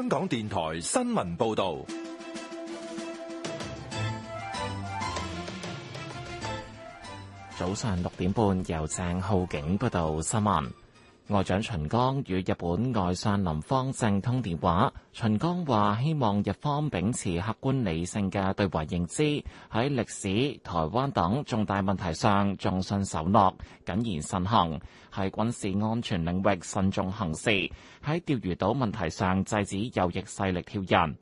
香港電台新聞報道。早上六點半，由鄭浩景報道新聞。外長秦剛與日本外相林芳正通電話，秦剛話希望日方秉持客觀理性嘅對華認知，喺歷史、台灣等重大問題上重信守諾，謹言慎行，喺軍事安全領域慎重行事，喺釣魚島問題上制止右翼勢力挑釁。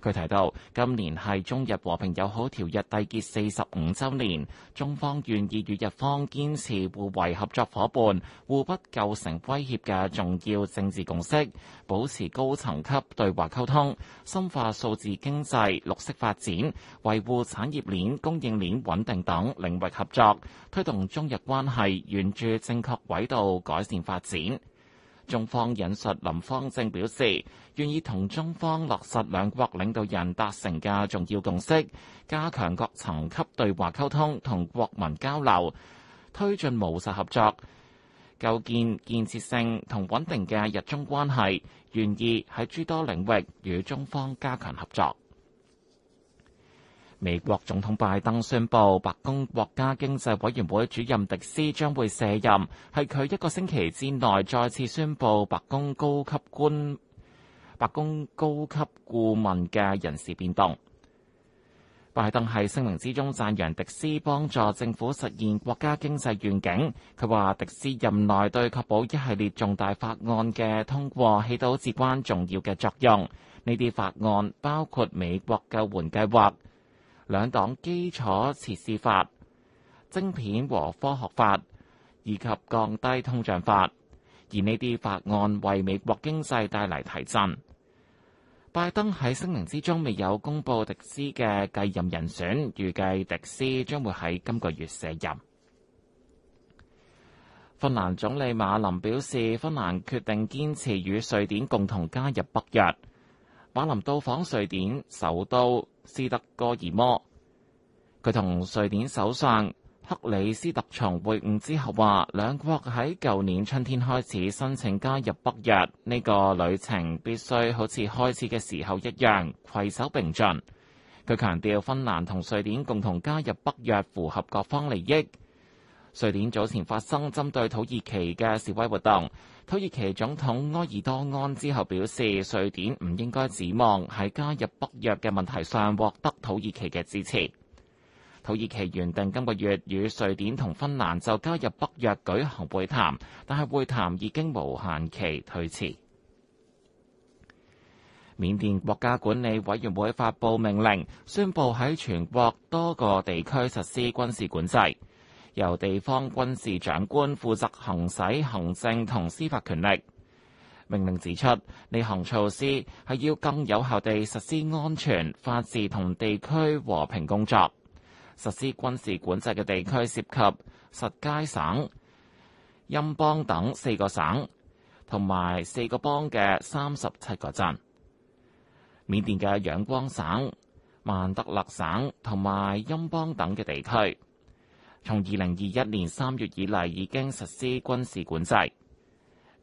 佢提到，今年係中日和平友好條約締結四十五週年，中方願意與日方堅持互為合作伙伴、互不構成威脅嘅重要政治共識，保持高層級對話溝通，深化數字經濟、綠色發展、維護產業鏈供應鏈穩定等領域合作，推動中日關係沿住正確軌道改善發展。中方引述林芳正表示，願意同中方落實兩國領導人達成嘅重要共識，加強各層級對話溝通同國民交流，推進務實合作，構建建設性同穩定嘅日中關係，願意喺諸多領域與中方加強合作。美國總統拜登宣布，白宮國家經濟委員會主任迪斯將會卸任，係佢一個星期之內再次宣布白宮高級官、白宮高級顧問嘅人事變動。拜登喺聲明之中贊揚迪斯幫助政府實現國家經濟願景。佢話迪斯任內對確保一系列重大法案嘅通過起到至關重要嘅作用。呢啲法案包括美國救援計劃。兩黨基礎設施法、晶片和科學法以及降低通脹法，而呢啲法案為美國經濟帶嚟提振。拜登喺聲明之中未有公布迪斯嘅繼任人選，預計迪斯將會喺今個月卸任。芬蘭總理馬林表示，芬蘭決定堅持與瑞典共同加入北約。馬林到訪瑞典首都斯德哥爾摩，佢同瑞典首相克里斯特松會晤之後，話兩國喺舊年春天開始申請加入北約，呢個旅程必須好似開始嘅時候一樣，攜手並進。佢強調芬蘭同瑞典共同加入北約符合各方利益。瑞典早前發生針對土耳其嘅示威活動。土耳其總統埃爾多安之後表示，瑞典唔應該指望喺加入北約嘅問題上獲得土耳其嘅支持。土耳其原定今個月與瑞典同芬蘭就加入北約舉行會談，但係會談已經無限期推遲。緬甸國家管理委員會發布命令，宣布喺全國多個地區實施軍事管制。由地方軍事長官負責行使行政同司法權力。命令指出，呢項措施係要更有效地實施安全、法治同地區和平工作。實施軍事管制嘅地區涉及實皆省、欽邦等四個省，同埋四個邦嘅三十七個鎮。緬甸嘅仰光省、曼德勒省同埋欽邦等嘅地區。從二零二一年三月以嚟已經實施軍事管制。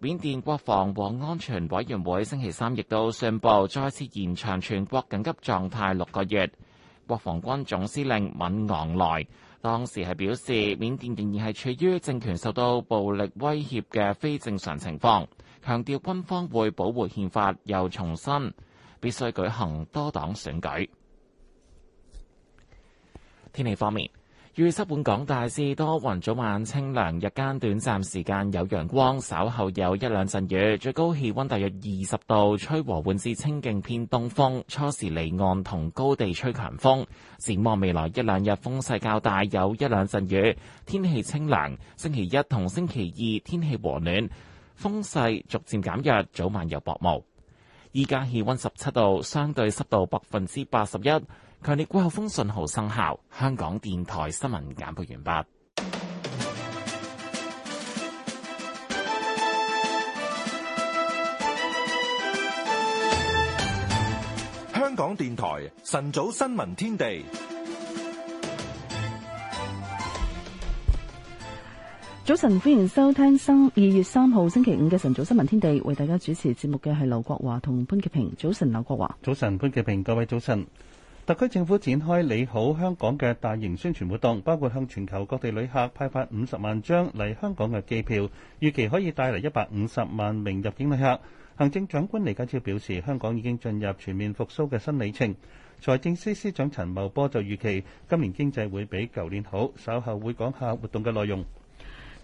緬甸國防和安全委員會星期三亦都宣布再次延長全國緊急狀態六個月。國防軍總司令敏昂萊當時係表示，緬甸仍然係處於政權受到暴力威脅嘅非正常情況，強調軍方會保護憲法，又重申必須舉行多黨選舉。天氣方面。預濕本港大致多雲，早晚清涼，日間短暫時間有陽光，稍後有一兩陣雨，最高氣溫大約二十度，吹和緩至清勁偏東風，初時離岸同高地吹強風。展望未來一兩日風勢較大，有一兩陣雨，天氣清涼。星期一同星期二天氣和暖，風勢逐漸減弱，早晚有薄霧。依家氣溫十七度，相對濕度百分之八十一。強烈季候風信號生效。香港電台新聞簡報完畢。香港電台晨早新聞天地。早晨，歡迎收聽三二月三號星期五嘅晨早新聞天地，為大家主持節目嘅係劉國華同潘潔平。早晨，劉國華。早晨，潘潔平。各位早晨。特區政府展開你好香港嘅大型宣傳活動，包括向全球各地旅客派發五十萬張嚟香港嘅機票，預期可以帶嚟一百五十萬名入境旅客。行政長官李家超表示，香港已經進入全面復甦嘅新里程。財政司司長陳茂波就預期今年經濟會比舊年好，稍後會講下活動嘅內容。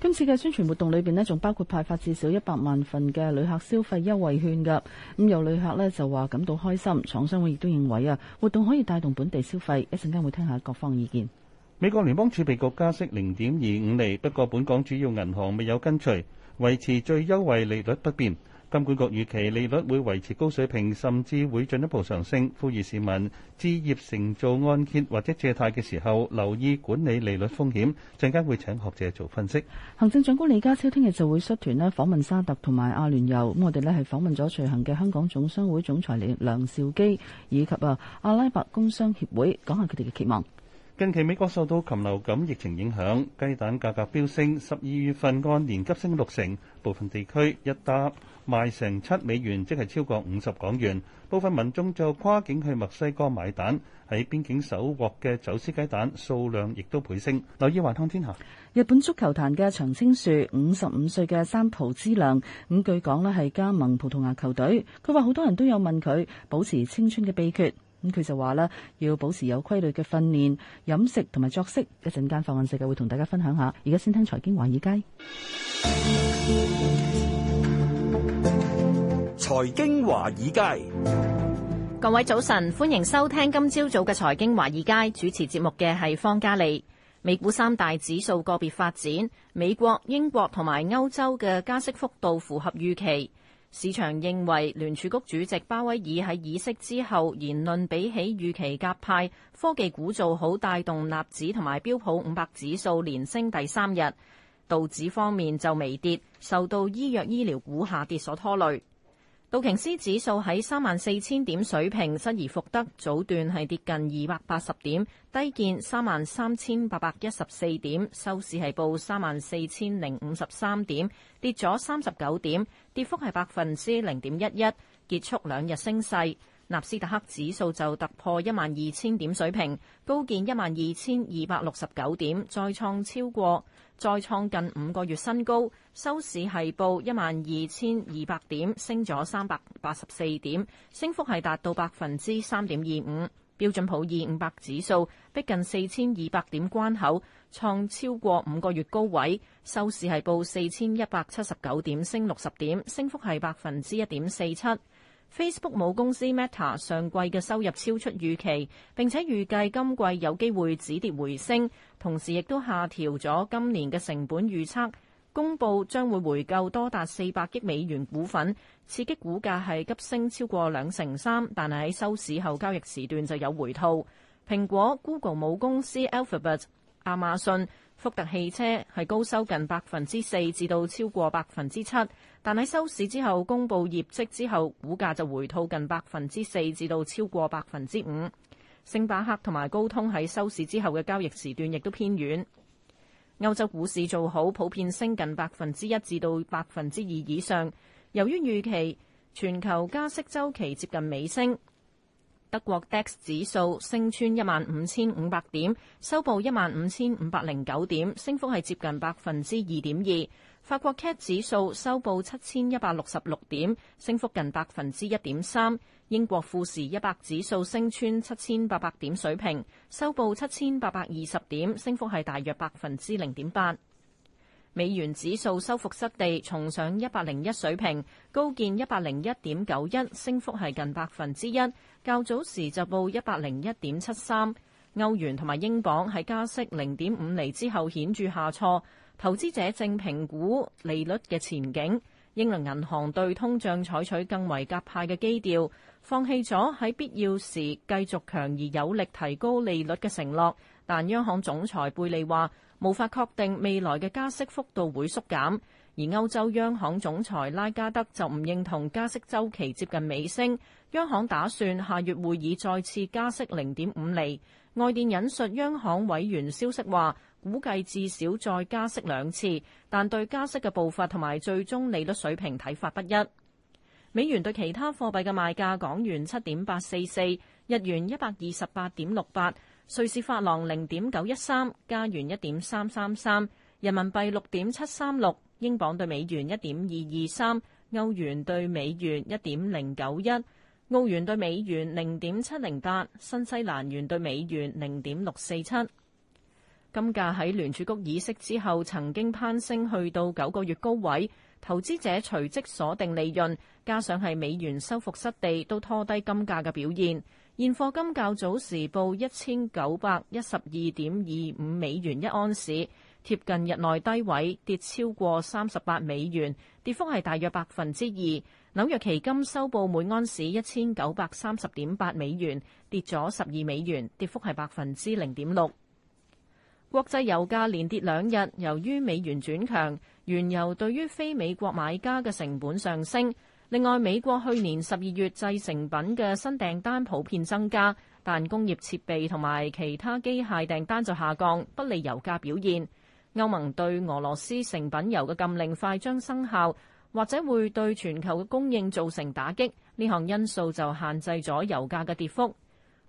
今次嘅宣傳活動裏邊呢，仲包括派發至少一百萬份嘅旅客消費優惠券噶。咁有旅客呢就話感到開心，廠商會亦都認為啊，活動可以帶動本地消費。一陣間會聽下各方意見。美國聯邦儲備局加息零點二五厘，不過本港主要銀行未有跟隨，維持最優惠利率不變。金管局預期利率會維持高水平，甚至會進一步上升。呼籲市民置業、承造按揭或者借貸嘅時候，留意管理利率風險。陣間會請學者做分析。行政長官李家超聽日就會率團咧，訪問沙特同埋阿聯酋。咁我哋咧係訪問咗隨行嘅香港總商會總裁梁兆基，以及啊阿拉伯工商協會，講下佢哋嘅期望。近期美國受到禽流感疫情影響，雞蛋價格飆升，十二月份按年急升六成，部分地區一打，賣成七美元，即係超過五十港元。部分民眾就跨境去墨西哥買蛋，喺邊境搜獲嘅走私雞蛋數量亦都倍升。留意華商天下。日本足球壇嘅長青樹五十五歲嘅三浦知良，咁據講咧係加盟葡萄牙球隊。佢話好多人都有問佢保持青春嘅秘訣，咁佢就話啦，要保持有規律嘅訓練、飲食同埋作息。一陣間放眼世界會同大家分享下。而家先聽財經華爾街。 財經華爾街，各位早晨，歡迎收聽今朝早嘅財經華爾街，主持節目嘅係方嘉利。美股三大指數個別發展，美國、英國同埋歐洲嘅加息幅度符合預期，市場認為聯儲局主席鮑威爾喺議息之後言論比起預期鴿派。科技股做好，帶動納指同埋標普五百指數連升第三日。道指方面就微跌，受到醫藥醫療股下跌所拖累。道瓊斯指數喺三萬四千點水平失而復得，早段係跌近二百八十點，低見三萬三千八百一十四點，收市係報三萬四千零五十三點，跌咗三十九點，跌幅係百分之零點一一，結束兩日升勢。納斯達克指數就突破一萬二千點水平，高見一萬二千二百六十九點，再創超過。再創近五個月新高，收市係報一萬二千二百點，升咗三百八十四點，升幅係達到百分之三點二五。標準普爾五百指數逼近四千二百點關口，創超過五個月高位，收市係報四千一百七十九點，升六十點，升幅係百分之一點四七。Facebook 母公司 Meta 上季嘅收入超出預期，並且預計今季有機會止跌回升，同時亦都下調咗今年嘅成本預測，公佈將會回購多達四百億美元股份，刺激股價係急升超過兩成三，但係喺收市後交易時段就有回吐。蘋果、Google 母公司 Alphabet、亞馬遜、福特汽車係高收近百分之四至到超過百分之七。但喺收市之後公佈業績之後，股價就回吐近百分之四至到超過百分之五。星巴克同埋高通喺收市之後嘅交易時段亦都偏軟。歐洲股市做好，普遍升近百分之一至到百分之二以上。由於預期全球加息周期接近尾聲，德國 DAX 指數升穿一萬五千五百點，收報一萬五千五百零九點，升幅係接近百分之二點二。法國 CAC 指數收報七千一百六十六點，升幅近百分之一點三。英國富時一百指數升穿七千八百點水平，收報七千八百二十點，升幅係大約百分之零點八。美元指數收復失地，重上一百零一水平，高見一百零一點九一，升幅係近百分之一。較早時就報一百零一點七三。歐元同埋英鎊喺加息零點五厘之後顯著下挫。投資者正評估利率嘅前景，英倫銀行對通脹採取更為鴿派嘅基調，放棄咗喺必要時繼續強而有力提高利率嘅承諾。但央行總裁貝利話無法確定未來嘅加息幅度會縮減，而歐洲央行總裁拉加德就唔認同加息周期接近尾聲，央行打算下月會議再次加息零點五厘。外電引述央行委員消息話。估計至少再加息兩次，但對加息嘅步伐同埋最終利率水平睇法不一。美元對其他貨幣嘅賣價：港元七點八四四，日元一百二十八點六八，瑞士法郎零點九一三，加元一點三三三，人民幣六點七三六，英鎊對美元一點二二三，歐元對美元一點零九一，澳元對美元零點七零八，新西蘭元對美元零點六四七。金價喺聯儲局議息之後，曾經攀升去到九個月高位，投資者隨即鎖定利潤，加上係美元收復失地，都拖低金價嘅表現。現貨金較早時報一千九百一十二點二五美元一安士，貼近日內低位，跌超過三十八美元，跌幅係大約百分之二。紐約期金收報每安士一千九百三十點八美元，跌咗十二美元，跌幅係百分之零點六。國際油價連跌兩日，由於美元轉強，原油對於非美國買家嘅成本上升。另外，美國去年十二月製成品嘅新訂單普遍增加，但工業設備同埋其他機械訂單就下降，不利油價表現。歐盟對俄羅斯成品油嘅禁令快將生效，或者會對全球嘅供應造成打擊，呢項因素就限制咗油價嘅跌幅。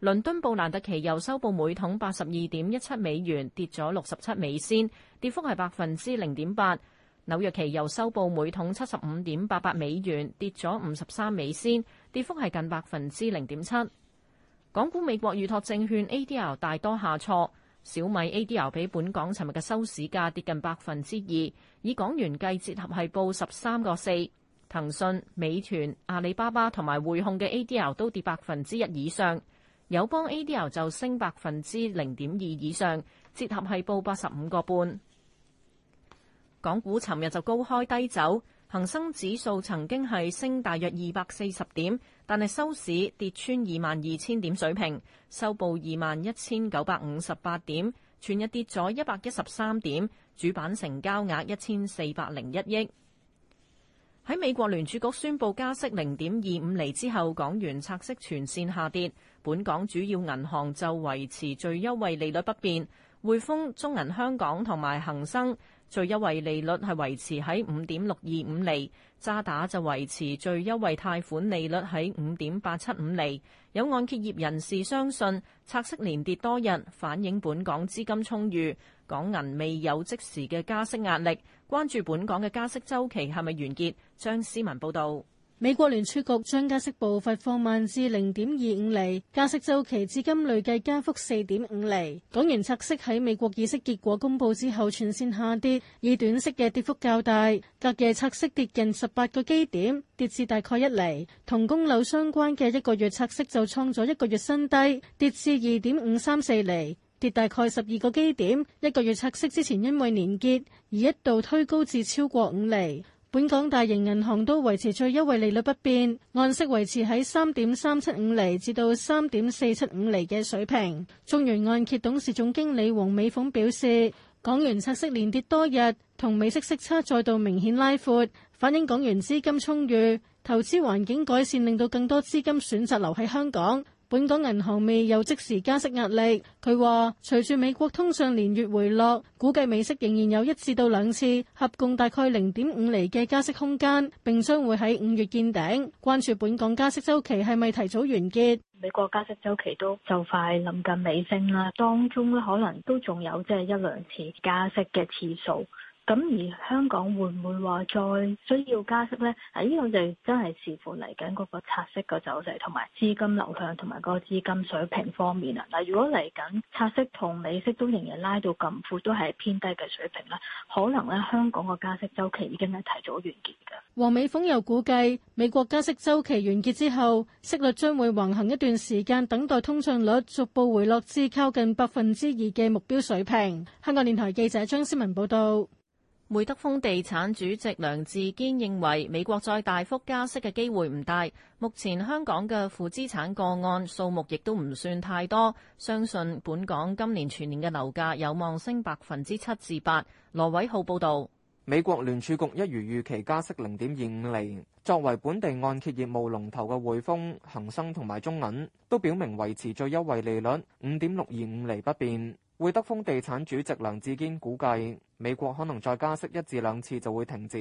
倫敦布蘭特期油收報每桶八十二點一七美元，跌咗六十七美仙，跌幅係百分之零點八。紐約期油收報每桶七十五點八八美元，跌咗五十三美仙，跌幅係近百分之零點七。港股美國預託證券 A.D.L 大多下挫，小米 A.D.L 比本港尋日嘅收市價跌近百分之二，以港元計，折合係報十三個四。騰訊、美團、阿里巴巴同埋匯控嘅 A.D.L 都跌百分之一以上。友邦 ADR 就升百分之零點二以上，折合係報八十五個半。港股尋日就高開低走，恒生指數曾經係升大約二百四十點，但係收市跌穿二萬二千點水平，收報二萬一千九百五十八點，全日跌咗一百一十三點，主板成交額一千四百零一億。喺美國聯儲局宣布加息零點二五厘之後，港元拆息全線下跌。本港主要銀行就維持最優惠利率不變。匯豐、中銀香港同埋恒生最優惠利率係維持喺五點六二五厘，渣打就維持最優惠貸款利率喺五點八七五厘。有按揭業人士相信，拆息連跌多日，反映本港資金充裕，港銀未有即時嘅加息壓力。關注本港嘅加息周期係咪完結？張思文報道，美國聯儲局將加息步伐放慢至零點二五厘，加息周期至今累計加幅四點五厘。港元拆息喺美國議息結果公布之後全線下跌，以短息嘅跌幅較大，隔夜拆息跌近十八個基點，跌至大概一厘。同供樓相關嘅一個月拆息就創咗一個月新低，跌至二點五三四厘。跌大概十二個基點，一個月拆息之前因為年結而一度推高至超過五厘。本港大型銀行都維持最優惠利率不變，按息維持喺三點三七五厘至到三點四七五厘嘅水平。中原按揭董事總經理黃美鳳表示，港元拆息連跌多日，同美息息差再度明顯拉闊，反映港元資金充裕，投資環境改善，令到更多資金選擇留喺香港。本港銀行未有即時加息壓力。佢話：隨住美國通脹連月回落，估計美息仍然有一次到兩次，合共大概零點五厘嘅加息空間，並將會喺五月見頂。關注本港加息週期係咪提早完結？美國加息週期都就快臨近尾聲啦，當中呢可能都仲有即係一兩次加息嘅次數。咁而香港會唔會話再需要加息咧？喺呢個就真係視乎嚟緊嗰個拆息個走勢同埋資金流向同埋個資金水平方面啊。嗱，如果嚟緊拆息同美息都仍然拉到咁闊都係偏低嘅水平啦，可能咧香港個加息周期已經係提早完結㗎。黃美峯又估計，美國加息周期完結之後，息率將會橫行一段時間，等待通脹率逐步回落至靠近百分之二嘅目標水平。香港電台記者張思文報道。會德豐地產主席梁志堅認為，美國再大幅加息嘅機會唔大。目前香港嘅負資產個案數目亦都唔算太多，相信本港今年全年嘅樓價有望升百分之七至八。羅偉浩報導，美國聯儲局一如預期加息零點二五厘，作為本地按揭業務龍頭嘅匯豐、恒生同埋中銀都表明維持最優惠利率五點六二五厘不變。會德豐地產主席梁志堅估計，美國可能再加息一至兩次就會停止。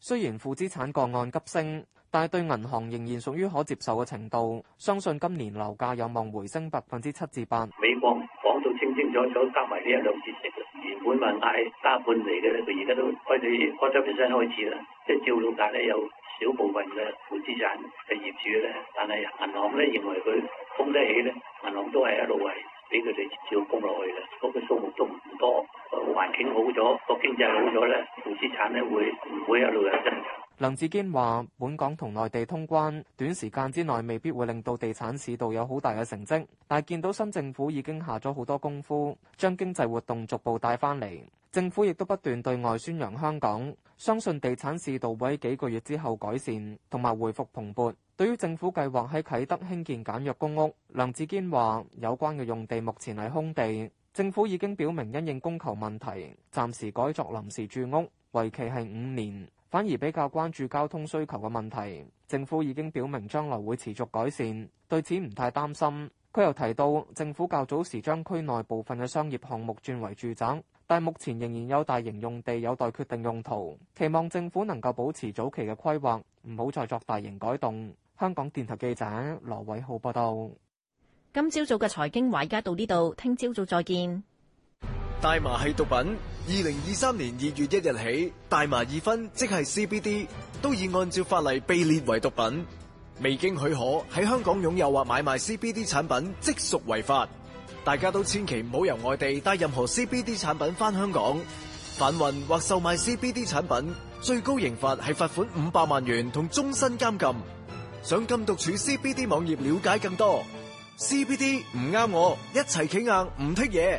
雖然負資產個案急升，但係對銀行仍然屬於可接受嘅程度。相信今年樓價有望回升百分之七至八。美國講到清清楚楚，加埋呢一兩次，原本話係加半厘嘅咧，佢而家都開始開始重新開始啦。即係照老大咧，有少部分嘅負資產嘅業主咧，但係銀行咧認為佢封得起咧，銀行都係一路維。俾佢哋照供落去啦，嗰個數目都唔多，環境好咗，個經濟好咗咧，負資產咧會唔會一路有增長？梁志堅話：本港同內地通關，短時間之內未必會令到地產市道有好大嘅成績。但係見到新政府已經下咗好多功夫，將經濟活動逐步帶翻嚟，政府亦都不斷對外宣揚香港，相信地產市道會喺幾個月之後改善同埋回復蓬勃。對於政府計劃喺啟德興建簡約公屋，梁志堅話：有關嘅用地目前係空地，政府已經表明因應供求問題，暫時改作臨時住屋，為期係五年。反而比較關注交通需求嘅問題，政府已經表明將來會持續改善，對此唔太擔心。佢又提到，政府較早時將區內部分嘅商業項目轉為住宅，但目前仍然有大型用地有待決定用途，期望政府能夠保持早期嘅規劃，唔好再作大型改動。香港電台記者羅偉浩報道。今朝早嘅財經快加到呢度，聽朝早再見。大麻係毒品。二零二三年二月一日起，大麻二酚即係 CBD，都已按照法例被列為毒品。未經許可喺香港擁有或買賣 CBD 產品，即屬違法。大家都千祈唔好由外地帶任何 CBD 產品返香港。販運或售賣 CBD 產品，最高刑罰係罰款五百萬元同終身監禁。想禁毒處 CBD 網頁了解更多。CBD 唔啱我，一齊企硬唔剔嘢。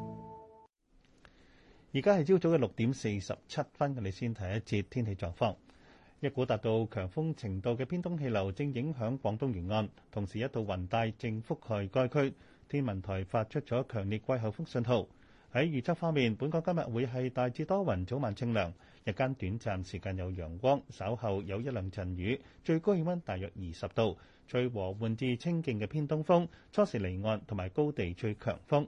而家係朝早嘅六點四十七分，我哋先睇一節天氣狀況。一股達到強風程度嘅偏東氣流正影響廣東沿岸，同時一度雲帶正覆蓋該區。天文台發出咗強烈季候風信號。喺預測方面，本港今日會係大致多雲，早晚清涼，日間短暫時間有陽光，稍後有一兩陣雨。最高氣温大約二十度，吹和緩至清勁嘅偏東風，初時離岸同埋高地最強風。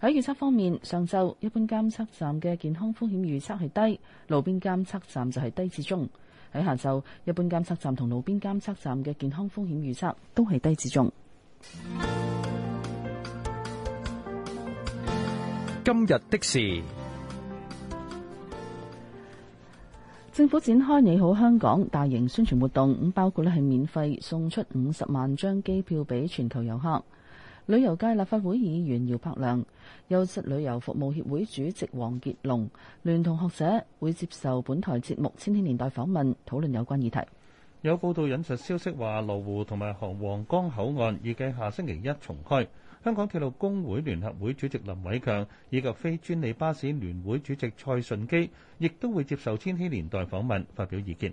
喺預測方面，上晝一般監測站嘅健康風險預測係低，路邊監測站就係低至中。喺下晝，一般監測站同路邊監測站嘅健康風險預測都係低至中。今日的事，政府展開你好香港大型宣傳活動，咁包括呢係免費送出五十萬張機票俾全球遊客。旅遊界立法會議員姚柏良、優質旅遊服務協會主席黃傑龍，聯同學者會接受本台節目《千禧年代》訪問，討論有關議題。有報導引述消息話，羅湖同埋航皇崗口岸預計下星期一重開。香港鐵路工會聯合會主席林偉強以及非專利巴士聯會主席蔡順基，亦都會接受《千禧年代》訪問，發表意見。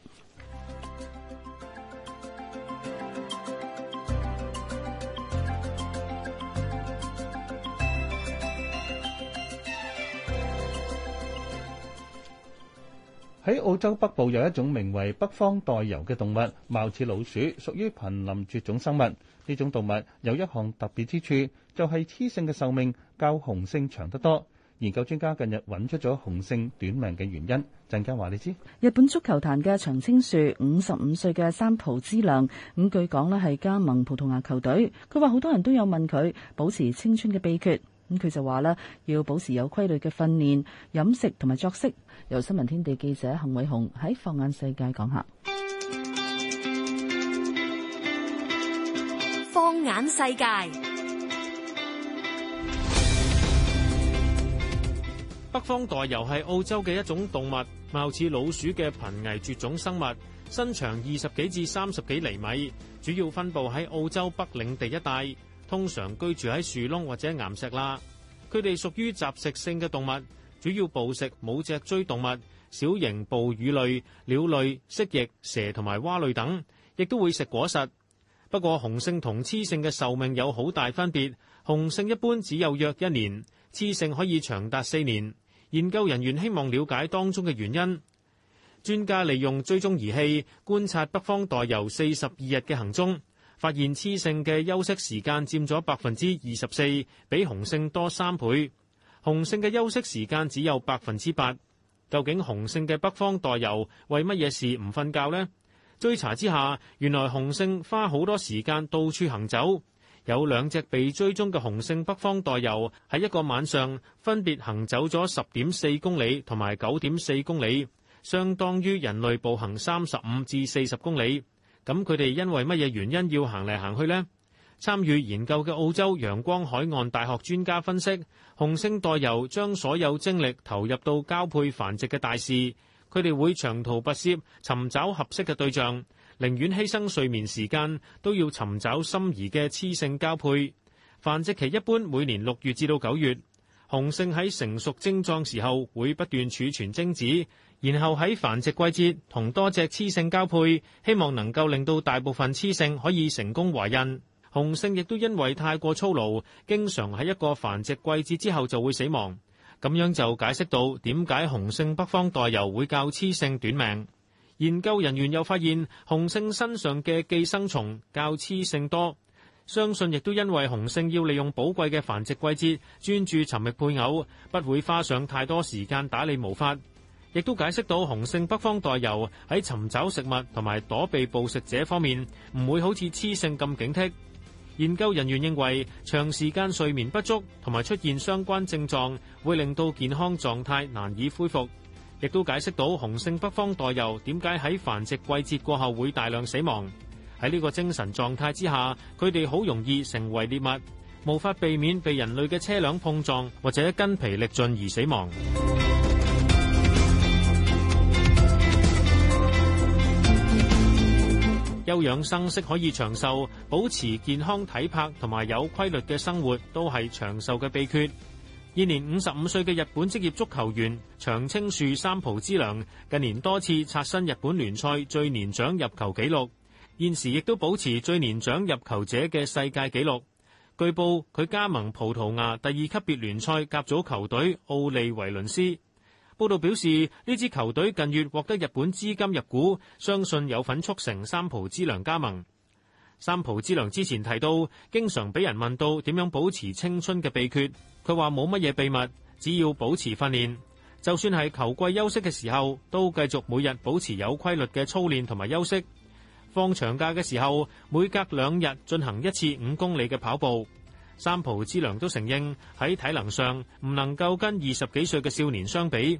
喺澳洲北部有一種名為北方袋鼬嘅動物，貌似老鼠，屬於瀕臨絕種生物。呢種動物有一項特別之處就係、是、雌性嘅壽命較雄性長得多。研究專家近日揾出咗雄性短命嘅原因。陣間話你知，日本足球壇嘅長青樹五十五歲嘅三浦知良，咁據講咧係加盟葡萄牙球隊，佢話好多人都有問佢保持青春嘅秘訣。佢就話啦，要保持有規律嘅訓練、飲食同埋作息。由新聞天地記者幸偉雄喺放眼世界講下。放眼世界，世界 北方袋鼬係澳洲嘅一種動物，貌似老鼠嘅瀕危絕種生物，身長二十幾至三十幾厘米，主要分布喺澳洲北領地一帶。通常居住喺樹窿或者岩石啦。佢哋屬於雜食性嘅動物，主要捕食無脊椎動物、小型哺乳類、鳥類、蜥蜴、蛇同埋蛙類等，亦都會食果實。不過，雄性同雌性嘅壽命有好大分別，雄性一般只有約一年，雌性可以長達四年。研究人員希望了解當中嘅原因。專家利用追蹤儀器觀察北方袋鼬四十二日嘅行蹤。發現雌性嘅休息時間佔咗百分之二十四，比雄性多三倍。雄性嘅休息時間只有百分之八。究竟雄性嘅北方袋鼬為乜嘢事唔瞓覺呢？追查之下，原來雄性花好多時間到處行走。有兩隻被追蹤嘅雄性北方袋鼬喺一個晚上分別行走咗十點四公里同埋九點四公里，相當於人類步行三十五至四十公里。咁佢哋因為乜嘢原因要行嚟行去呢？參與研究嘅澳洲陽光海岸大學專家分析，雄性袋鼬將所有精力投入到交配繁殖嘅大事，佢哋會長途跋涉尋找合適嘅對象，寧願犧牲睡眠時間都要尋找心儀嘅雌性交配。繁殖期一般每年六月至到九月，雄性喺成熟精壯時候會不斷儲存精子。然後喺繁殖季節同多隻雌性交配，希望能夠令到大部分雌性可以成功懷孕。雄性亦都因為太過操勞，經常喺一個繁殖季節之後就會死亡。咁樣就解釋到點解雄性北方袋鼬會較雌性短命。研究人員又發現雄性身上嘅寄生蟲較雌性多，相信亦都因為雄性要利用寶貴嘅繁殖季節專注尋覓配偶，不會花上太多時間打理毛髮。亦都解釋到雄性北方袋鼬喺尋找食物同埋躲避捕食者方面，唔會好似雌性咁警惕。研究人員認為長時間睡眠不足同埋出現相關症狀，會令到健康狀態難以恢復。亦都解釋到雄性北方袋鼬點解喺繁殖季節過後會大量死亡。喺呢個精神狀態之下，佢哋好容易成為獵物，無法避免被人類嘅車輛碰撞或者筋疲力盡而死亡。休養生息可以長壽，保持健康體魄同埋有規律嘅生活都係長壽嘅秘訣。現年五十五歲嘅日本職業足球員長青樹三浦知良，近年多次刷新日本聯賽最年長入球紀錄，現時亦都保持最年長入球者嘅世界紀錄。據報佢加盟葡萄牙第二級別聯賽甲組球隊奧利維倫斯。報道表示，呢支球隊近月獲得日本資金入股，相信有份促成三浦知良加盟。三浦知良之前提到，經常俾人問到點樣保持青春嘅秘訣，佢話冇乜嘢秘密，只要保持訓練。就算係球季休息嘅時候，都繼續每日保持有規律嘅操練同埋休息。放長假嘅時候，每隔兩日進行一次五公里嘅跑步。三浦知良都承認喺體能上唔能夠跟二十幾歲嘅少年相比。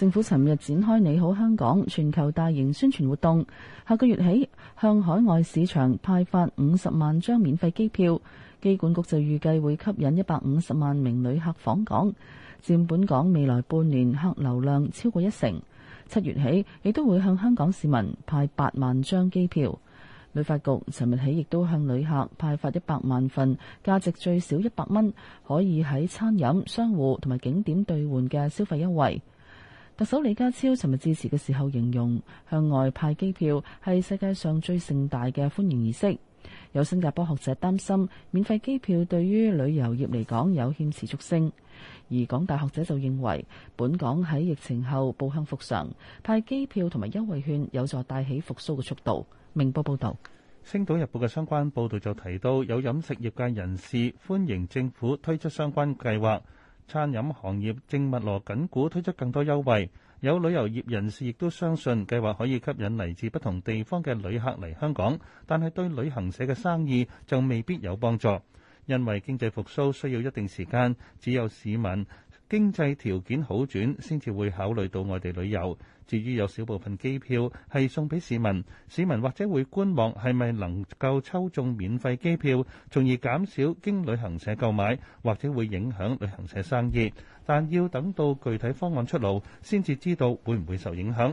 政府尋日展開「你好香港」全球大型宣傳活動，下個月起向海外市場派發五十萬張免費機票。機管局就預計會吸引一百五十萬名旅客訪港，佔本港未來半年客流量超過一成。七月起亦都會向香港市民派八萬張機票。旅發局尋日起亦都向旅客派發一百萬份，價值最少一百蚊，可以喺餐飲、商戶同埋景點兌換嘅消費優惠。特首李家超尋日致辭嘅時候形容向外派機票係世界上最盛大嘅歡迎儀式。有新加坡學者擔心免費機票對於旅遊業嚟講有欠持續性，而港大學者就認為本港喺疫情後步向復常，派機票同埋優惠券有助帶起復甦嘅速度。明報報導，《星島日報》嘅相關報導就提到，有飲食業界人士歡迎政府推出相關計劃。餐飲行業正密鑼緊鼓推出更多優惠，有旅遊業人士亦都相信計劃可以吸引嚟自不同地方嘅旅客嚟香港，但係對旅行社嘅生意就未必有幫助，因為經濟復甦需要一定時間，只有市民經濟條件好轉先至會考慮到外地旅遊。至於有少部分機票係送俾市民，市民或者會觀望係咪能夠抽中免費機票，從而減少經旅行社購買，或者會影響旅行社生意。但要等到具體方案出爐，先至知道會唔會受影響。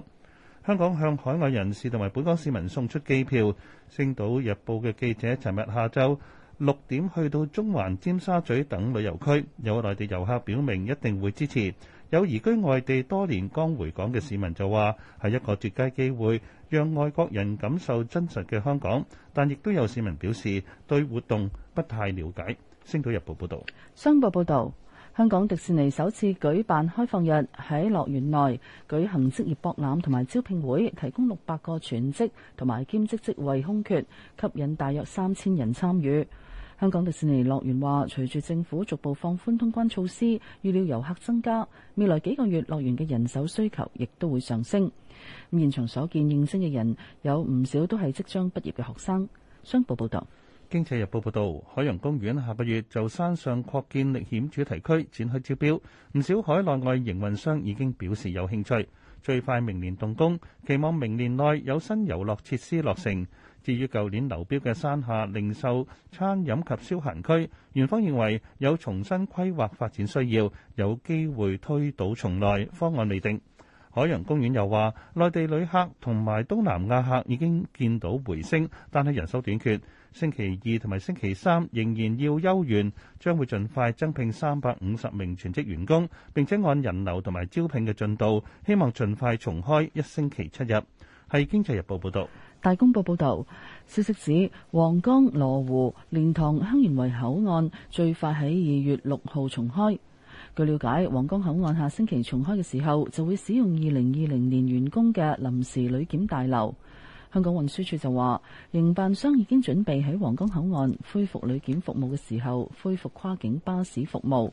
香港向海外人士同埋本港市民送出機票，《星島日報》嘅記者尋日下晝六點去到中環、尖沙咀等旅遊區，有內地遊客表明一定會支持。有移居外地多年、剛回港嘅市民就話，係一個絕佳機會讓外國人感受真實嘅香港。但亦都有市民表示對活動不太了解。星島日報報道，商報報道，香港迪士尼首次舉辦開放日，喺樂園內舉行職業博覽同埋招聘會，提供六百個全職同埋兼職職位空缺，吸引大約三千人參與。香港迪士尼樂園話，隨住政府逐步放寬通關措施，預料遊客增加，未來幾個月樂園嘅人手需求亦都會上升。咁現場所見應徵嘅人有唔少，都係即將畢業嘅學生。商報報道，《經濟日報》報道，海洋公園下個月就山上擴建歷險主題區展開招標，唔少海內外營運商已經表示有興趣，最快明年動工，期望明年內有新遊樂設施落成。至於舊年流標嘅山下零售、餐飲及消閒區，園方認為有重新規劃發展需要，有機會推倒重來，方案未定。海洋公園又話，內地旅客同埋東南亞客已經見到回升，但係人手短缺，星期二同埋星期三仍然要休園，將會盡快增聘三百五十名全職員工，並且按人流同埋招聘嘅進度，希望盡快重開一星期七日。係經濟日報報導。大公報報導，消息指皇崗羅湖蓮塘香園圍口岸最快喺二月六號重開。據了解，皇崗口岸下星期重開嘅時候，就會使用二零二零年完工嘅臨時旅檢大樓。香港運輸署就話，營辦商已經準備喺皇崗口岸恢復旅檢服務嘅時候，恢復跨境巴士服務。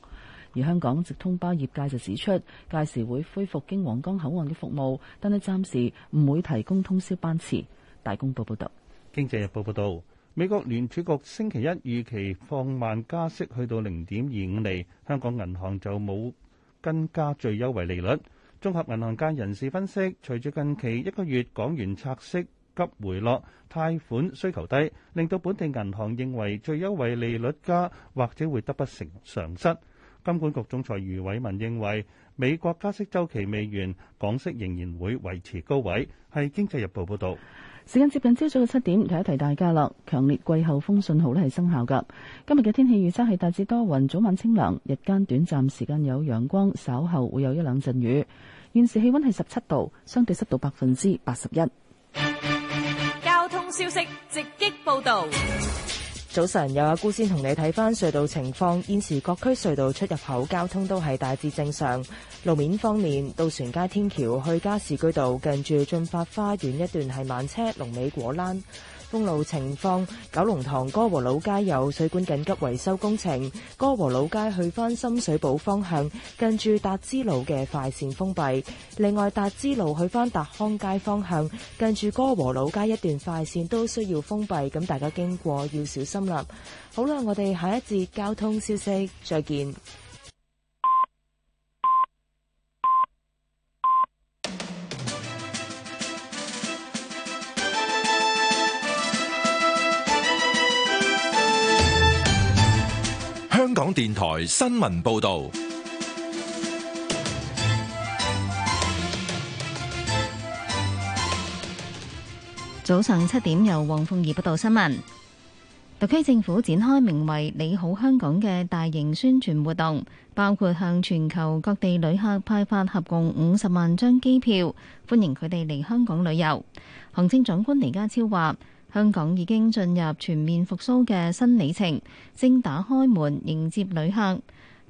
而香港直通巴業界就指出，屆時會恢復經皇崗口岸嘅服務，但係暫時唔會提供通宵班次。大公報報道，《經濟日報》報道，美國聯儲局星期一預期放慢加息，去到零點二五厘。香港銀行就冇跟加最優惠利率。綜合銀行界人士分析，隨住近期一個月港元拆息急回落，貸款需求低，令到本地銀行認為最優惠利率加或者會得不成常失。金管局總裁余偉文認為，美國加息周期未完，港息仍然會維持高位。係《經濟日報》報道。時間接近朝早嘅七點，提一提大家啦。強烈季候風信號咧係生效噶。今日嘅天氣預測係大致多雲，早晚清涼，日間短暫時間有陽光，稍後會有一兩陣雨。現時氣温係十七度，相對濕度百分之八十一。交通消息，直擊報道。早晨，有阿姑先同你睇翻隧道情況，現時各區隧道出入口交通都係大致正常。路面方面，渡船街天橋去加士居道近住駿發花園一段係慢車龍尾果欄。公路情況，九龍塘歌和老街有水管緊急維修工程，歌和老街去翻深水埗方向，近住達之路嘅快線封閉。另外，達之路去翻達康街方向，近住歌和老街一段快線都需要封閉，咁大家經過要小心啦。好啦，我哋下一節交通消息再見。香港電台新聞報道，早上七點由黃鳳儀報道新聞。特區政府展開名為“你好香港”的大型宣傳活動，包括向全球各地旅客派發合共五十萬張機票，歡迎佢哋嚟香港旅遊。行政長官李家超話。香港已經進入全面復甦嘅新里程，正打開門迎接旅客。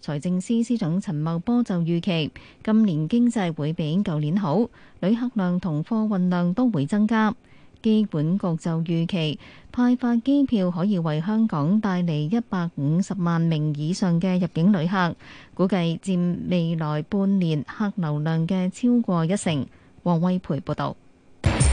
財政司司長陳茂波就預期今年經濟會比舊年好，旅客量同貨運量都會增加。機管局就預期派發機票可以為香港帶嚟一百五十萬名以上嘅入境旅客，估計佔未來半年客流量嘅超過一成。黃威培報導。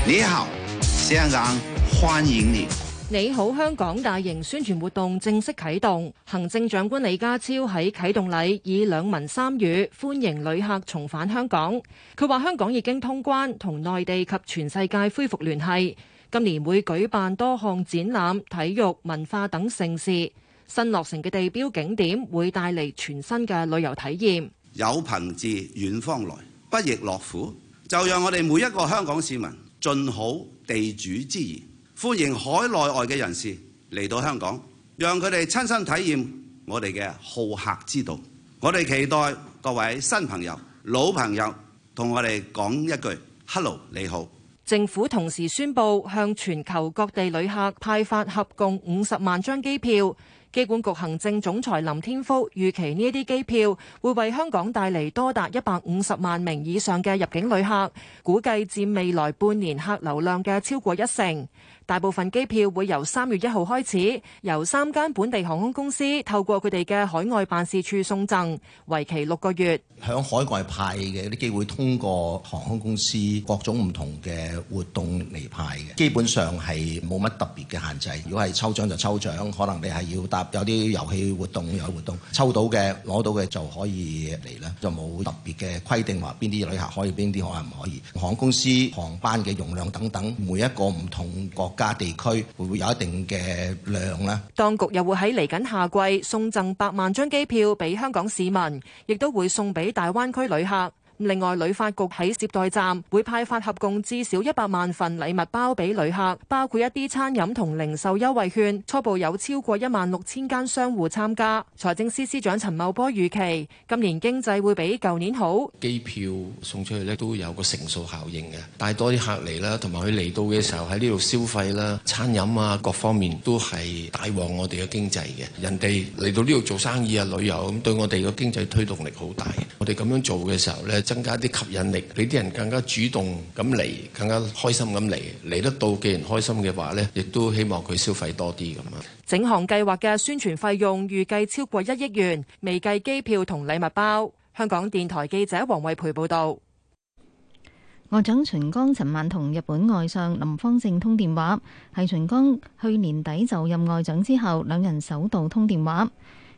你好，司長。歡迎你！你好，香港大型宣傳活動正式啟動。行政長官李家超喺啟動禮以兩文三語歡迎旅客重返香港。佢話香港已經通關，同內地及全世界恢復聯繫。今年會舉辦多項展覽、體育、文化等盛事。新落成嘅地標景點會帶嚟全新嘅旅遊體驗。有朋自遠方來，不亦樂乎？就讓我哋每一個香港市民盡好地主之誼。歡迎海內外嘅人士嚟到香港，讓佢哋親身體驗我哋嘅好客之道。我哋期待各位新朋友、老朋友同我哋講一句 Hello，你好。政府同時宣布向全球各地旅客派發合共五十萬張機票。機管局行政總裁林天福預期呢一啲機票會為香港帶嚟多達一百五十萬名以上嘅入境旅客，估計佔未來半年客流量嘅超過一成。大部分機票會由三月一號開始，由三間本地航空公司透過佢哋嘅海外辦事處送贈，為期六個月。響海外派嘅啲機會通過航空公司各種唔同嘅活動嚟派嘅，基本上係冇乜特別嘅限制。如果係抽獎就抽獎，可能你係要搭有啲遊戲活動遊戲活動抽到嘅攞到嘅就可以嚟啦，就冇特別嘅規定話邊啲旅客可以，邊啲可能唔可以。航空公司航班嘅容量等等，每一個唔同國國家地區會唔會有一定嘅量呢？當局又會喺嚟緊夏季送贈百萬張機票俾香港市民，亦都會送俾大灣區旅客。另外，旅發局喺接待站會派發合共至少一百萬份禮物包俾旅客，包括一啲餐飲同零售優惠券。初步有超過一萬六千間商戶參加。財政司司長陳茂波預期今年經濟會比舊年好。機票送出去咧都有個乘數效應嘅，帶多啲客嚟啦，同埋佢嚟到嘅時候喺呢度消費啦、餐飲啊各方面都係帶旺我哋嘅經濟嘅。人哋嚟到呢度做生意啊、旅遊咁，對我哋嘅經濟推動力好大。我哋咁樣做嘅時候咧。增加啲吸引力，俾啲人更加主動咁嚟，更加開心咁嚟。嚟得到嘅人開心嘅話呢，亦都希望佢消費多啲咁樣。整項計劃嘅宣傳費用預計超過一億元，未計機票同禮物包。香港電台記者黃惠培報道：外長秦剛尋晚同日本外相林芳正通電話，係秦剛去年底就任外長之後，兩人首度通電話。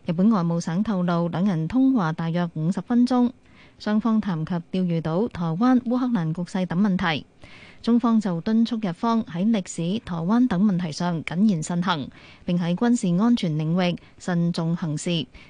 日本外務省透露，兩人通話大約五十分鐘。雙方談及釣魚島、台灣、烏克蘭局勢等問題，中方就敦促日方喺歷史、台灣等問題上謹言慎行，並喺軍事安全領域慎重行事。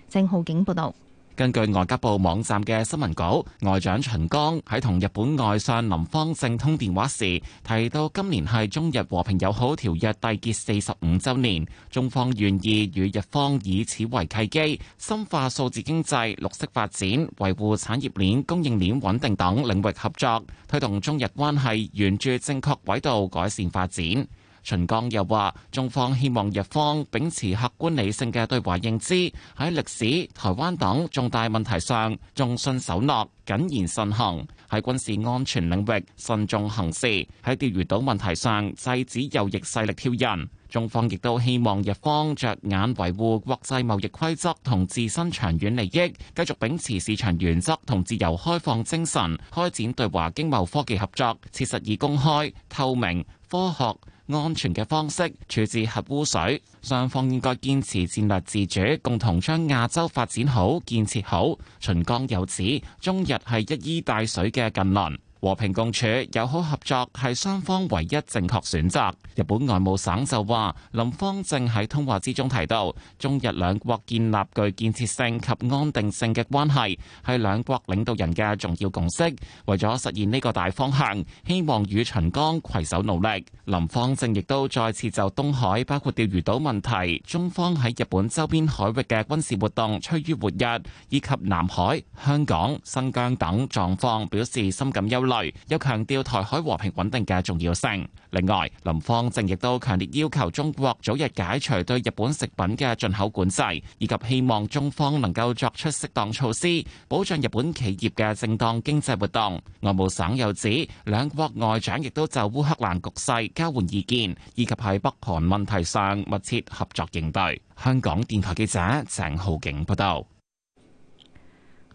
鄭浩景報道。根據外交部網站嘅新聞稿，外長秦剛喺同日本外相林芳正通電話時提到，今年係中日和平友好條約締結四十五週年，中方願意與日方以此為契機，深化數字經濟、綠色發展、維護產業鏈供應鏈穩定等領域合作，推動中日關係沿住正確軌道改善發展。秦剛又話中方希望日方秉持客觀理性嘅對華認知，喺歷史、台灣等重大問題上，重信守諾謹言慎行；喺軍事安全領域慎重行事；喺釣魚島問題上制止右翼勢力挑釁，中方亦都希望日方着眼維護國際貿易規則同自身長遠利益，繼續秉持市場原則同自由開放精神，開展對華經貿科技合作，切實以公開透明、科學，安全嘅方式處置核污水，雙方應該堅持戰略自主，共同將亞洲發展好、建設好。秦剛又指，中日係一衣帶水嘅近鄰。和平共處、友好合作係雙方唯一正確選擇。日本外務省就話，林芳正喺通話之中提到，中日兩國建立具建設性及安定性嘅關係係兩國領導人嘅重要共識。為咗實現呢個大方向，希望與秦剛攜手努力。林芳正亦都再次就東海，包括釣魚島問題、中方喺日本周邊海域嘅軍事活動趨於活躍，以及南海、香港、新疆等狀況表示深感憂慮。又強調台海和平穩定嘅重要性。另外，林芳正亦都強烈要求中國早日解除對日本食品嘅進口管制，以及希望中方能夠作出適當措施，保障日本企業嘅正當經濟活動。外務省又指，兩國外長亦都就烏克蘭局勢交換意見，以及喺北韓問題上密切合作應對。香港電台記者鄭浩景報道。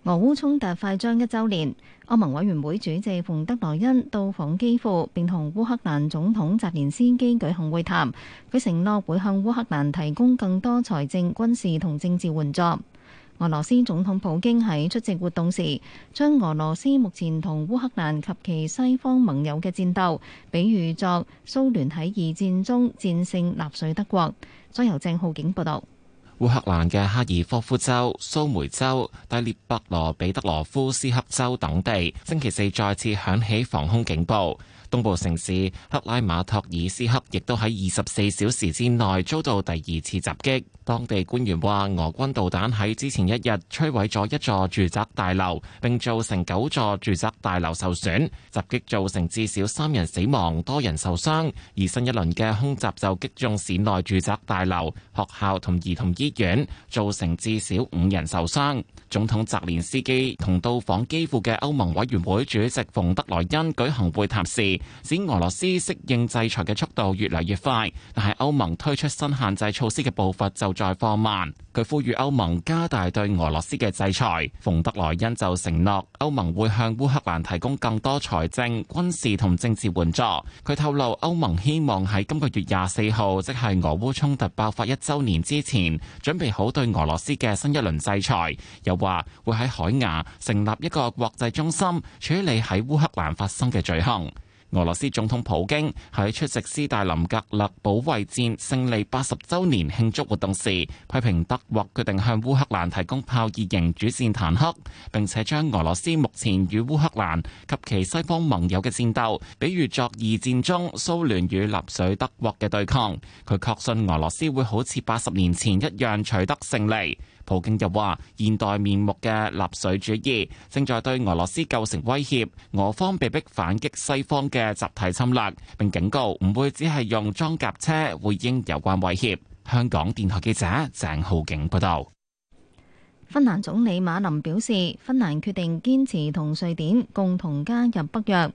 俄烏衝突快將一週年，歐盟委員會主席馮德萊恩到訪基輔，並同烏克蘭總統澤連斯基舉行會談。佢承諾會向烏克蘭提供更多財政、軍事同政治援助。俄羅斯總統普京喺出席活動時，將俄羅斯目前同烏克蘭及其西方盟友嘅戰鬥，比喻作蘇聯喺二戰中戰勝納粹德國。再由鄭浩景報道。烏克蘭嘅哈爾科夫州、蘇梅州、第聶伯羅彼得羅夫斯克州等地，星期四再次響起防空警報。東部城市克拉馬托爾斯克亦都喺二十四小時之內遭到第二次襲擊。當地官員話，俄軍導彈喺之前一日摧毀咗一座住宅大樓，並造成九座住宅大樓受損。襲擊造成至少三人死亡、多人受傷，而新一輪嘅空襲就擊中市內住宅大樓、學校同兒童醫院，造成至少五人受傷。總統澤連斯基同到訪基輔嘅歐盟委員會主席馮德萊恩舉行會談時，使俄羅斯適應制裁嘅速度越嚟越快，但係歐盟推出新限制措施嘅步伐就在放慢。佢呼籲歐盟加大對俄羅斯嘅制裁。馮德萊恩就承諾歐盟會向烏克蘭提供更多財政、軍事同政治援助。佢透露歐盟希望喺今個月廿四號，即係俄烏衝突爆發一周年之前，準備好對俄羅斯嘅新一輪制裁。又話會喺海牙成立一個國際中心，處理喺烏克蘭發生嘅罪行。俄羅斯總統普京喺出席斯大林格勒保衛戰勝利八十週年慶祝活動時，批評德國決定向烏克蘭提供豹二型主戰坦克，並且將俄羅斯目前與烏克蘭及其西方盟友嘅戰鬥，比喻作二戰中蘇聯與納粹德國嘅對抗。佢確信俄羅斯會好似八十年前一樣取得勝利。普京又話：現代面目嘅納粹主義正在對俄羅斯構成威脅，俄方被迫反擊西方嘅集體侵略，並警告唔會只係用裝甲車回應有關威脅。香港電台記者鄭浩景報道。芬蘭總理馬林表示，芬蘭決定堅持同瑞典共同加入北約。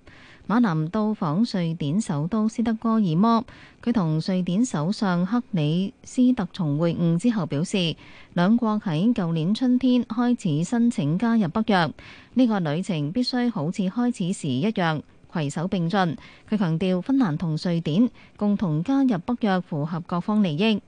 馬林到訪瑞典首都斯德哥爾摩，佢同瑞典首相克里斯特松會晤之後，表示兩國喺舊年春天開始申請加入北約，呢、這個旅程必須好似開始時一樣攜手並進。佢強調，芬蘭同瑞典共同加入北約符合各方利益。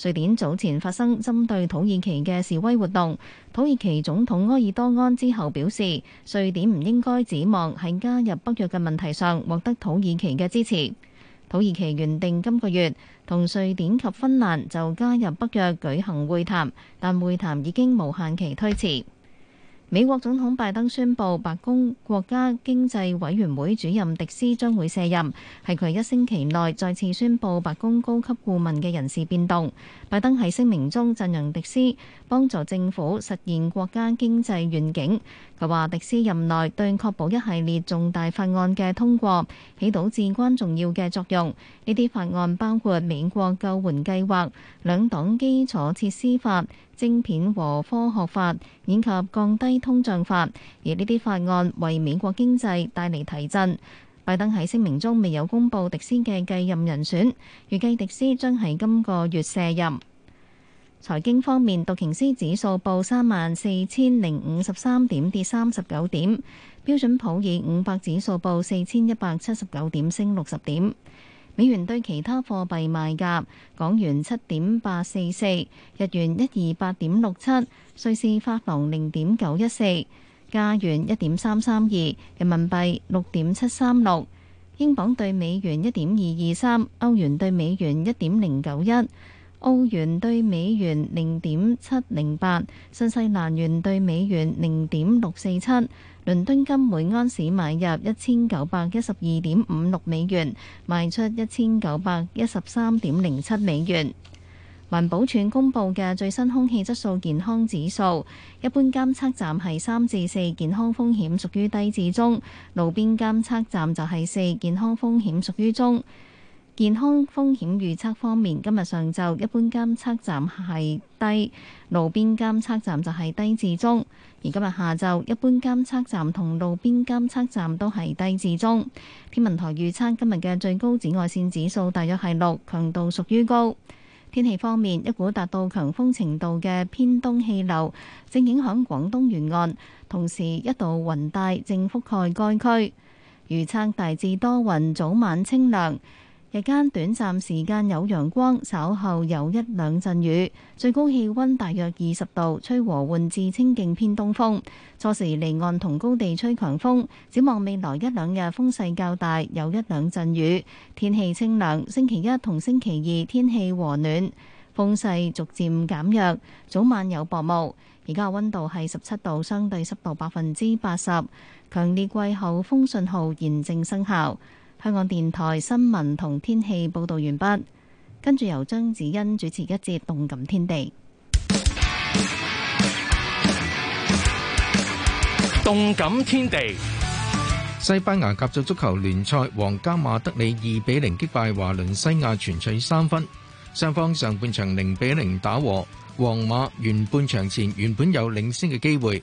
瑞典早前發生針對土耳其嘅示威活動，土耳其總統埃爾多安之後表示，瑞典唔應該指望喺加入北約嘅問題上獲得土耳其嘅支持。土耳其原定今個月同瑞典及芬蘭就加入北約舉行會談，但會談已經無限期推遲。美國總統拜登宣布，白宮國家經濟委員會主任迪斯將會卸任，係佢一星期內再次宣布白宮高級顧問嘅人事變動。拜登喺聲明中讚揚迪斯幫助政府實現國家經濟願景。佢話：迪斯任內對確保一系列重大法案嘅通過起到至關重要嘅作用。呢啲法案包括美國救援計劃、兩黨基礎設施法、晶片和科學法以及降低通脹法。而呢啲法案為美國經濟帶嚟提振。拜登喺聲明中未有公布迪斯嘅繼任人選，預計迪斯將喺今個月卸任。財經方面，道瓊斯指數報三萬四千零五十三點，跌三十九點；標準普爾五百指數報四千一百七十九點，升六十點。美元對其他貨幣賣價：港元七點八四四，日元一二八點六七，瑞士法郎零點九一四。加元一點三三二，2, 人民幣六點七三六，英鎊對美元一點二二三，歐元對美元一點零九一，澳元對美元零點七零八，新西蘭元對美元零點六四七，倫敦金每安士買入一千九百一十二點五六美元，賣出一千九百一十三點零七美元。環保署公布嘅最新空氣質素健康指數，一般監測站係三至四，健康風險屬於低至中；路邊監測站就係四，健康風險屬於中。健康風險預測方面，今日上晝一般監測站係低，路邊監測站就係低至中。而今日下晝一般監測站同路邊監測站都係低至中。天文台預測今日嘅最高紫外線指數大約係六，強度屬於高。天氣方面，一股達到強風程度嘅偏東氣流正影響廣東沿岸，同時一道雲帶正覆蓋該區。預測大致多雲，早晚清涼。日間短暫時間有陽光，稍後有一兩陣雨。最高氣溫大約二十度，吹和緩至清勁偏東風。初時離岸同高地吹強風，展望未來一兩日風勢較大，有一兩陣雨。天氣清涼。星期一同星期二天氣和暖，風勢逐漸減弱。早晚有薄霧。而家溫度係十七度，相對濕度百分之八十。強烈季候風信號現正生效。香港電台新聞同天氣報道完畢，跟住由張子欣主持一節《動感天地》。《動感天地》，西班牙甲組足球聯賽，皇家馬德里二比零擊敗華倫西亞，全取三分。雙方上半場零比零打和，皇馬完半場前原本有領先嘅機會。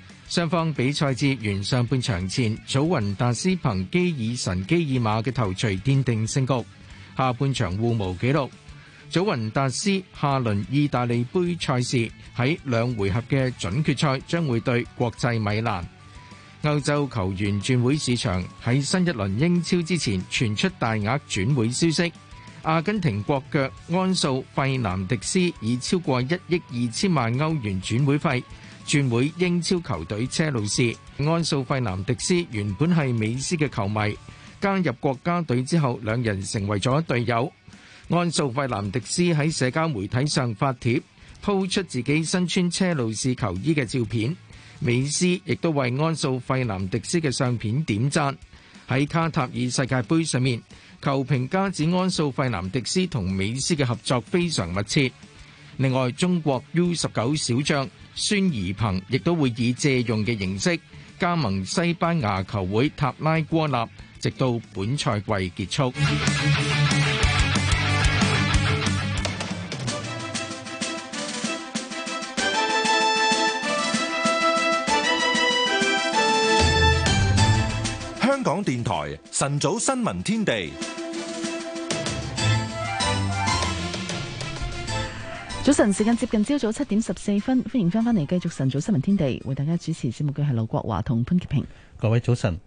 雙方比賽至完上半場前，祖雲達斯憑基爾神基爾馬嘅頭槌奠定勝局。下半場互無紀錄。祖雲達斯下輪意大利杯賽事喺兩回合嘅準決賽將會對國際米蘭。歐洲球員轉會市場喺新一輪英超之前傳出大額轉會消息。阿根廷國腳安素費南迪斯以超過一億二千萬歐元轉會費。轉會英超球隊車路士，安素費南迪斯原本係美斯嘅球迷，加入國家隊之後，兩人成為咗隊友。安素費南迪斯喺社交媒體上發帖，鋪出自己身穿車路士球衣嘅照片，美斯亦都為安素費南迪斯嘅相片點讚。喺卡塔爾世界盃上面，球評家指安素費南迪斯同美斯嘅合作非常密切。另外，中國 U 十九小將孫怡鵬亦都會以借用嘅形式加盟西班牙球會塔拉戈納，直到本賽季結束。香港電台晨早新聞天地。早晨，時間接近朝早七點十四分，歡迎翻返嚟繼續晨早新聞天地，為大家主持節目嘅係劉國華同潘潔平。各位早晨。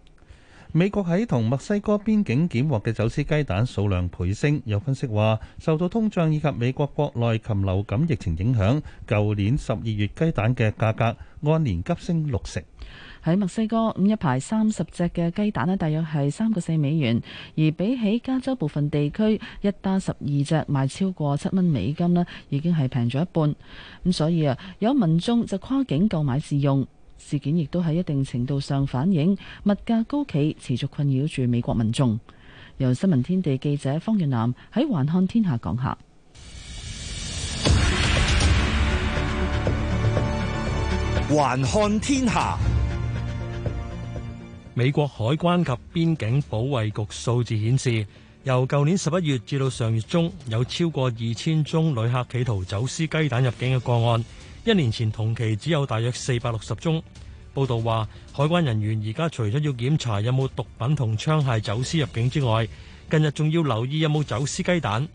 美國喺同墨西哥邊境檢獲嘅走私雞蛋數量倍升，有分析話，受到通脹以及美國國內禽流感疫情影響，舊年十二月雞蛋嘅價格按年急升六成。喺墨西哥，咁一排三十隻嘅雞蛋咧，大約係三個四美元。而比起加州部分地區一打十二隻賣超過七蚊美金咧，已經係平咗一半。咁所以啊，有民眾就跨境購買試用。事件亦都喺一定程度上反映物價高企持續困擾住美國民眾。由新聞天地記者方月南喺環看天下講下。環看天下。美國海關及邊境保衛局數字顯示，由舊年十一月至到上月中，有超過二千宗旅客企圖走私雞蛋入境嘅個案。一年前同期只有大約四百六十宗。報道話，海關人員而家除咗要檢查有冇毒品同槍械走私入境之外，近日仲要留意有冇走私雞蛋。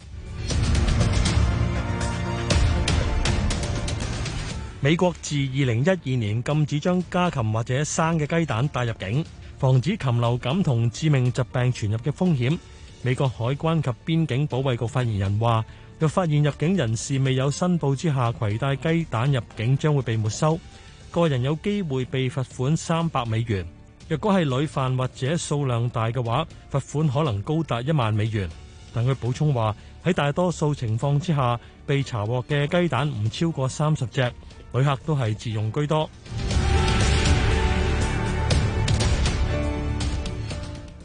美國自二零一二年禁止將家禽或者生嘅雞蛋帶入境。防止禽流感同致命疾病傳入嘅風險，美國海關及邊境保衛局發言人話，若發現入境人士未有申報之下携帶雞蛋入境，將會被沒收，個人有機會被罰款三百美元。若果係屢犯，或者數量大嘅話，罰款可能高達一萬美元。但佢補充話，喺大多數情況之下，被查獲嘅雞蛋唔超過三十隻，旅客都係自用居多。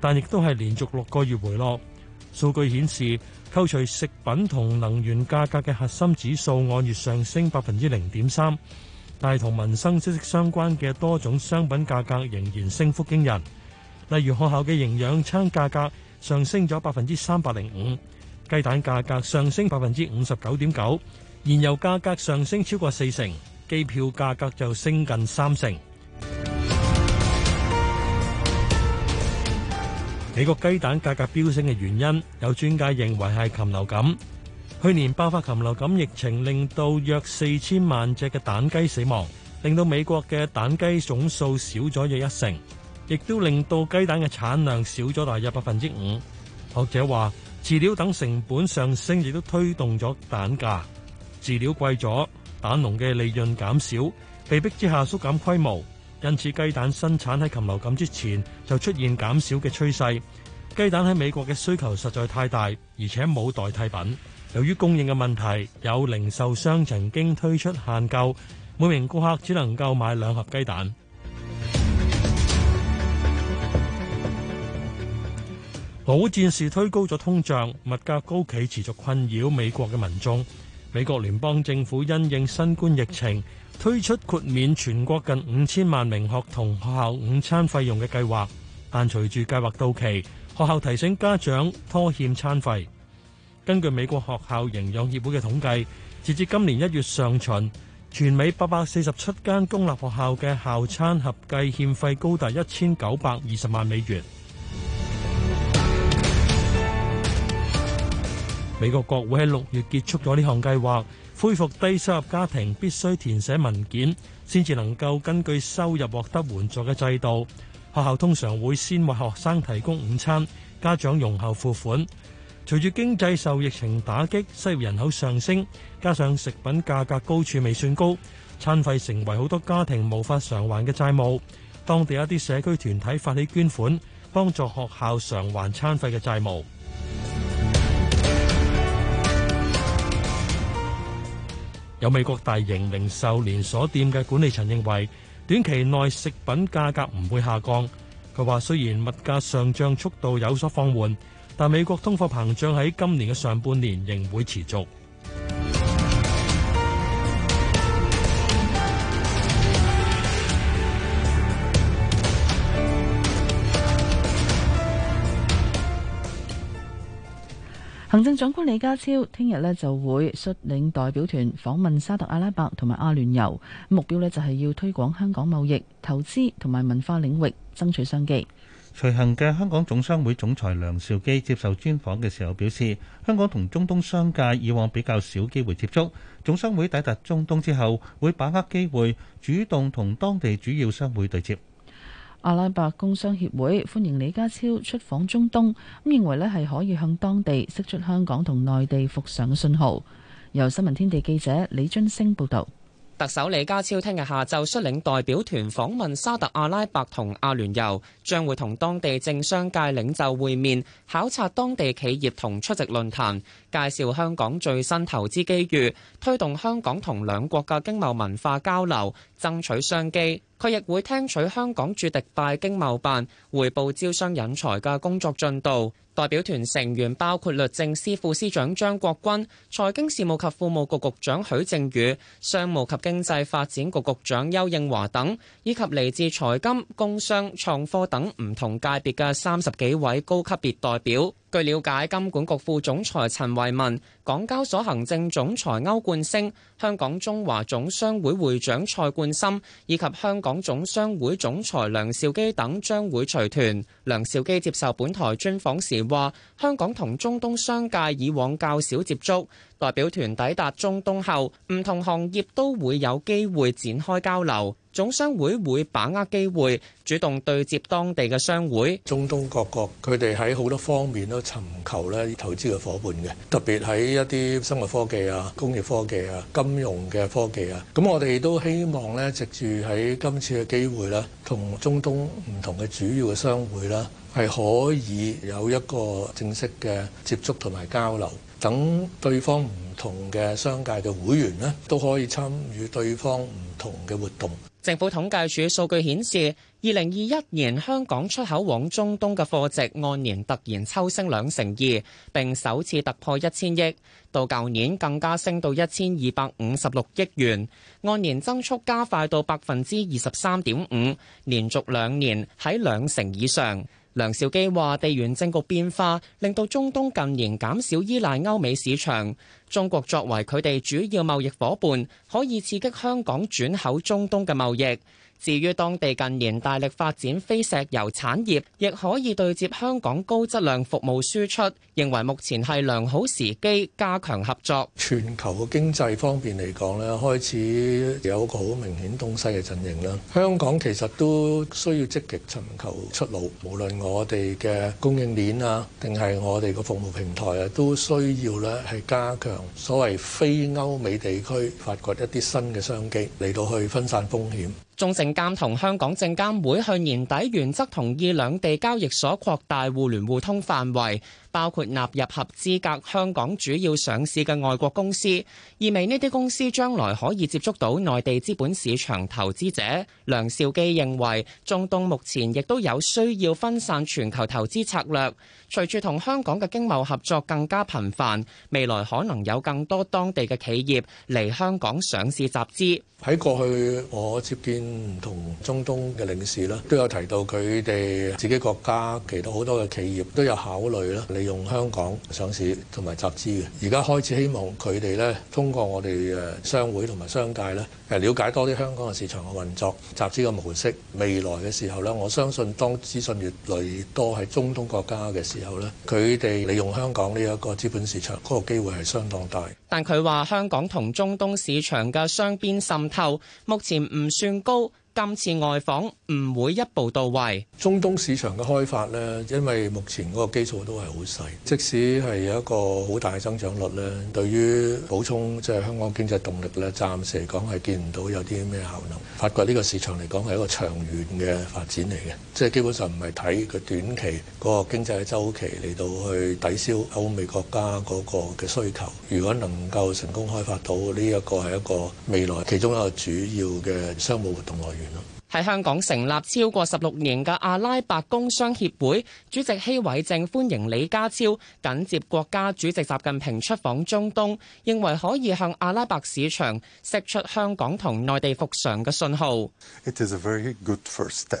但亦都係連續六個月回落。數據顯示，扣除食品同能源價格嘅核心指數按月上升百分之零點三，但係同民生息息相關嘅多種商品價格仍然升幅驚人。例如學校嘅營養餐價格上升咗百分之三百零五，雞蛋價格上升百分之五十九點九，燃油價格上升超過四成，機票價格就升近三成。美國雞蛋價格飆升嘅原因，有專家認為係禽流感。去年爆發禽流感疫情，令到約四千萬隻嘅蛋雞死亡，令到美國嘅蛋雞總數少咗約一成，亦都令到雞蛋嘅產量少咗大約百分之五。學者話，飼料等成本上升亦都推動咗蛋價，飼料貴咗，蛋農嘅利潤減少，被逼之下縮減規模。因此，雞蛋生產喺禽流感之前就出現減少嘅趨勢。雞蛋喺美國嘅需求實在太大，而且冇代替品。由於供應嘅問題，有零售商曾經推出限購，每名顧客只能夠買兩盒雞蛋。俄戰事推高咗通脹，物價高企持續困擾美國嘅民眾。美國聯邦政府因應新冠疫情，推出豁免全國近五千萬名學童學校午餐費用嘅計劃，但隨住計劃到期，學校提醒家長拖欠餐費。根據美國學校營養協會嘅統計，截至今年一月上旬，全美八百四十七間公立學校嘅校餐合計欠費高達一千九百二十萬美元。美國國會喺六月結束咗呢項計劃，恢復低收入家庭必須填寫文件先至能夠根據收入獲得援助嘅制度。學校通常會先為學生提供午餐，家長容後付款。隨住經濟受疫情打擊，失業人口上升，加上食品價格高處未算高，餐費成為好多家庭無法償還嘅債務。當地一啲社區團體發起捐款，幫助學校償還餐費嘅債務。有美國大型零售連鎖店嘅管理層認為，短期內食品價格唔會下降。佢話，雖然物價上漲速度有所放緩，但美國通貨膨脹喺今年嘅上半年仍會持續。行政長官李家超聽日呢就會率領代表團訪問沙特阿拉伯同埋阿聯酋，目標呢就係要推廣香港貿易、投資同埋文化領域，爭取商機。隨行嘅香港總商會總裁梁兆基接受專訪嘅時候表示，香港同中東商界以往比較少機會接觸，總商會抵達中東之後會把握機會，主動同當地主要商會對接。阿拉伯工商協會歡迎李家超出訪中東，咁認為咧係可以向當地釋出香港同內地復上嘅信號。由新聞天地記者李津升報道，特首李家超聽日下晝率領代表團訪問沙特阿拉伯同阿聯酋，將會同當地政商界領袖會面，考察當地企業同出席論壇，介紹香港最新投資機遇，推動香港同兩國嘅經貿文化交流，爭取商機。佢亦會聽取香港駐迪拜經貿辦回報招商引才嘅工作進度，代表團成員包括律政司副司長張國鈞、財經事務及庫務局局長許正宇、商務及經濟發展局局長邱應華等，以及嚟自財金、工商、創科等唔同界別嘅三十幾位高級別代表。據了解，金管局副總裁陳維文、港交所行政總裁歐冠升、香港中華總商會會長蔡冠深，以及香港總商會總裁梁兆基等將會隨團。梁兆基接受本台專訪時話，香港同中東商界以往較少接觸。代表團抵達中東後，唔同行業都會有機會展開交流。總商會會把握機會，主動對接當地嘅商會。中東各國佢哋喺好多方面都尋求咧投資嘅夥伴嘅，特別喺一啲生物科技啊、工業科技啊、金融嘅科技啊。咁我哋都希望咧，藉住喺今次嘅機會啦，同中東唔同嘅主要嘅商會啦，係可以有一個正式嘅接觸同埋交流。等對方唔同嘅商界嘅會員咧，都可以參與對方唔同嘅活動。政府統計處數據顯示，二零二一年香港出口往中東嘅貨值按年突然抽升兩成二，並首次突破一千億，到舊年更加升到一千二百五十六億元，按年增速加快到百分之二十三點五，連續兩年喺兩成以上。梁兆基話：地緣政局變化令到中東近年減少依賴歐美市場，中國作為佢哋主要貿易伙伴，可以刺激香港轉口中東嘅貿易。至於當地近年大力發展非石油產業，亦可以對接香港高質量服務輸出，認為目前係良好時機，加強合作。全球嘅經濟方面嚟講咧，開始有一個好明顯東西嘅陣型啦。香港其實都需要積極尋求出路，無論我哋嘅供應鏈啊，定係我哋個服務平台啊，都需要咧係加強所謂非歐美地區發掘一啲新嘅商機嚟到去分散風險。中證監同香港證監會去年底原則同意兩地交易所擴大互聯互通範圍。包括納入合資格香港主要上市嘅外國公司，意味呢啲公司將來可以接觸到內地資本市場投資者。梁兆基認為，中東目前亦都有需要分散全球投資策略，隨住同香港嘅經貿合作更加頻繁，未來可能有更多當地嘅企業嚟香港上市集資。喺過去，我接見同中東嘅領事啦，都有提到佢哋自己國家其他好多嘅企業都有考慮啦。利用香港上市同埋集資嘅，而家開始希望佢哋咧通過我哋誒商會同埋商界咧，誒了解多啲香港嘅市場嘅運作、集資嘅模式。未來嘅時候咧，我相信當資訊越來越多係中東國家嘅時候咧，佢哋利用香港呢一個資本市場嗰個機會係相當大。但佢話香港同中東市場嘅雙邊滲透目前唔算高。今次外訪唔會一步到位。中東市場嘅開發咧，因為目前嗰個基數都係好細，即使係有一個好大嘅增長率咧，對於補充即係香港經濟動力咧，暫時嚟講係見唔到有啲咩效能。發掘呢個市場嚟講係一個長遠嘅發展嚟嘅，即係基本上唔係睇佢短期嗰個經濟週期嚟到去抵消歐美國家嗰個嘅需求。如果能夠成功開發到呢一個係一個未來其中一個主要嘅商務活動來源。喺香港成立超過十六年嘅阿拉伯工商協會主席希偉正歡迎李家超緊接國家主席習近平出訪中東，認為可以向阿拉伯市場釋出香港同內地復常嘅訊號。It is a very good first step,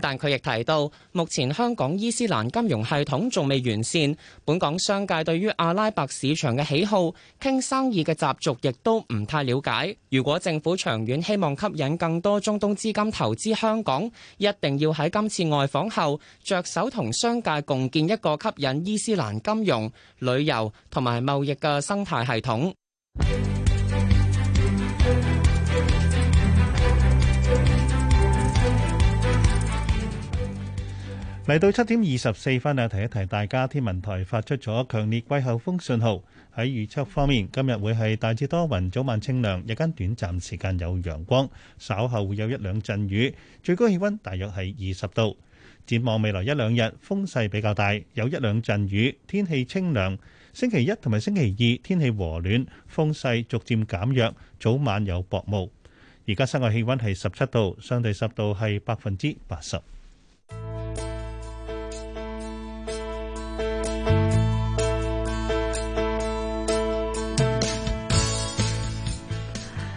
但佢亦提到，目前香港伊斯蘭金融系統仲未完善，本港商界對於阿拉伯市場嘅喜好、傾生意嘅習俗亦都唔太了解。如果政府長遠希望吸引更多中東資金投資香港，一定要喺今次外訪後着手同商界共建一個吸引伊斯蘭金融、旅遊同埋貿易嘅生態系統。嚟到七點二十四分啊，提一提大家，天文台發出咗強烈季候風信號。喺預測方面，今日會係大致多雲，早晚清涼，日間短暫時間有陽光，稍後會有一兩陣雨，最高氣温大約係二十度。展望未來一兩日，風勢比較大，有一兩陣雨，天氣清涼。星期一同埋星期二天氣和暖，風勢逐漸減弱，早晚有薄霧。而家室外氣温係十七度，相對濕度係百分之八十。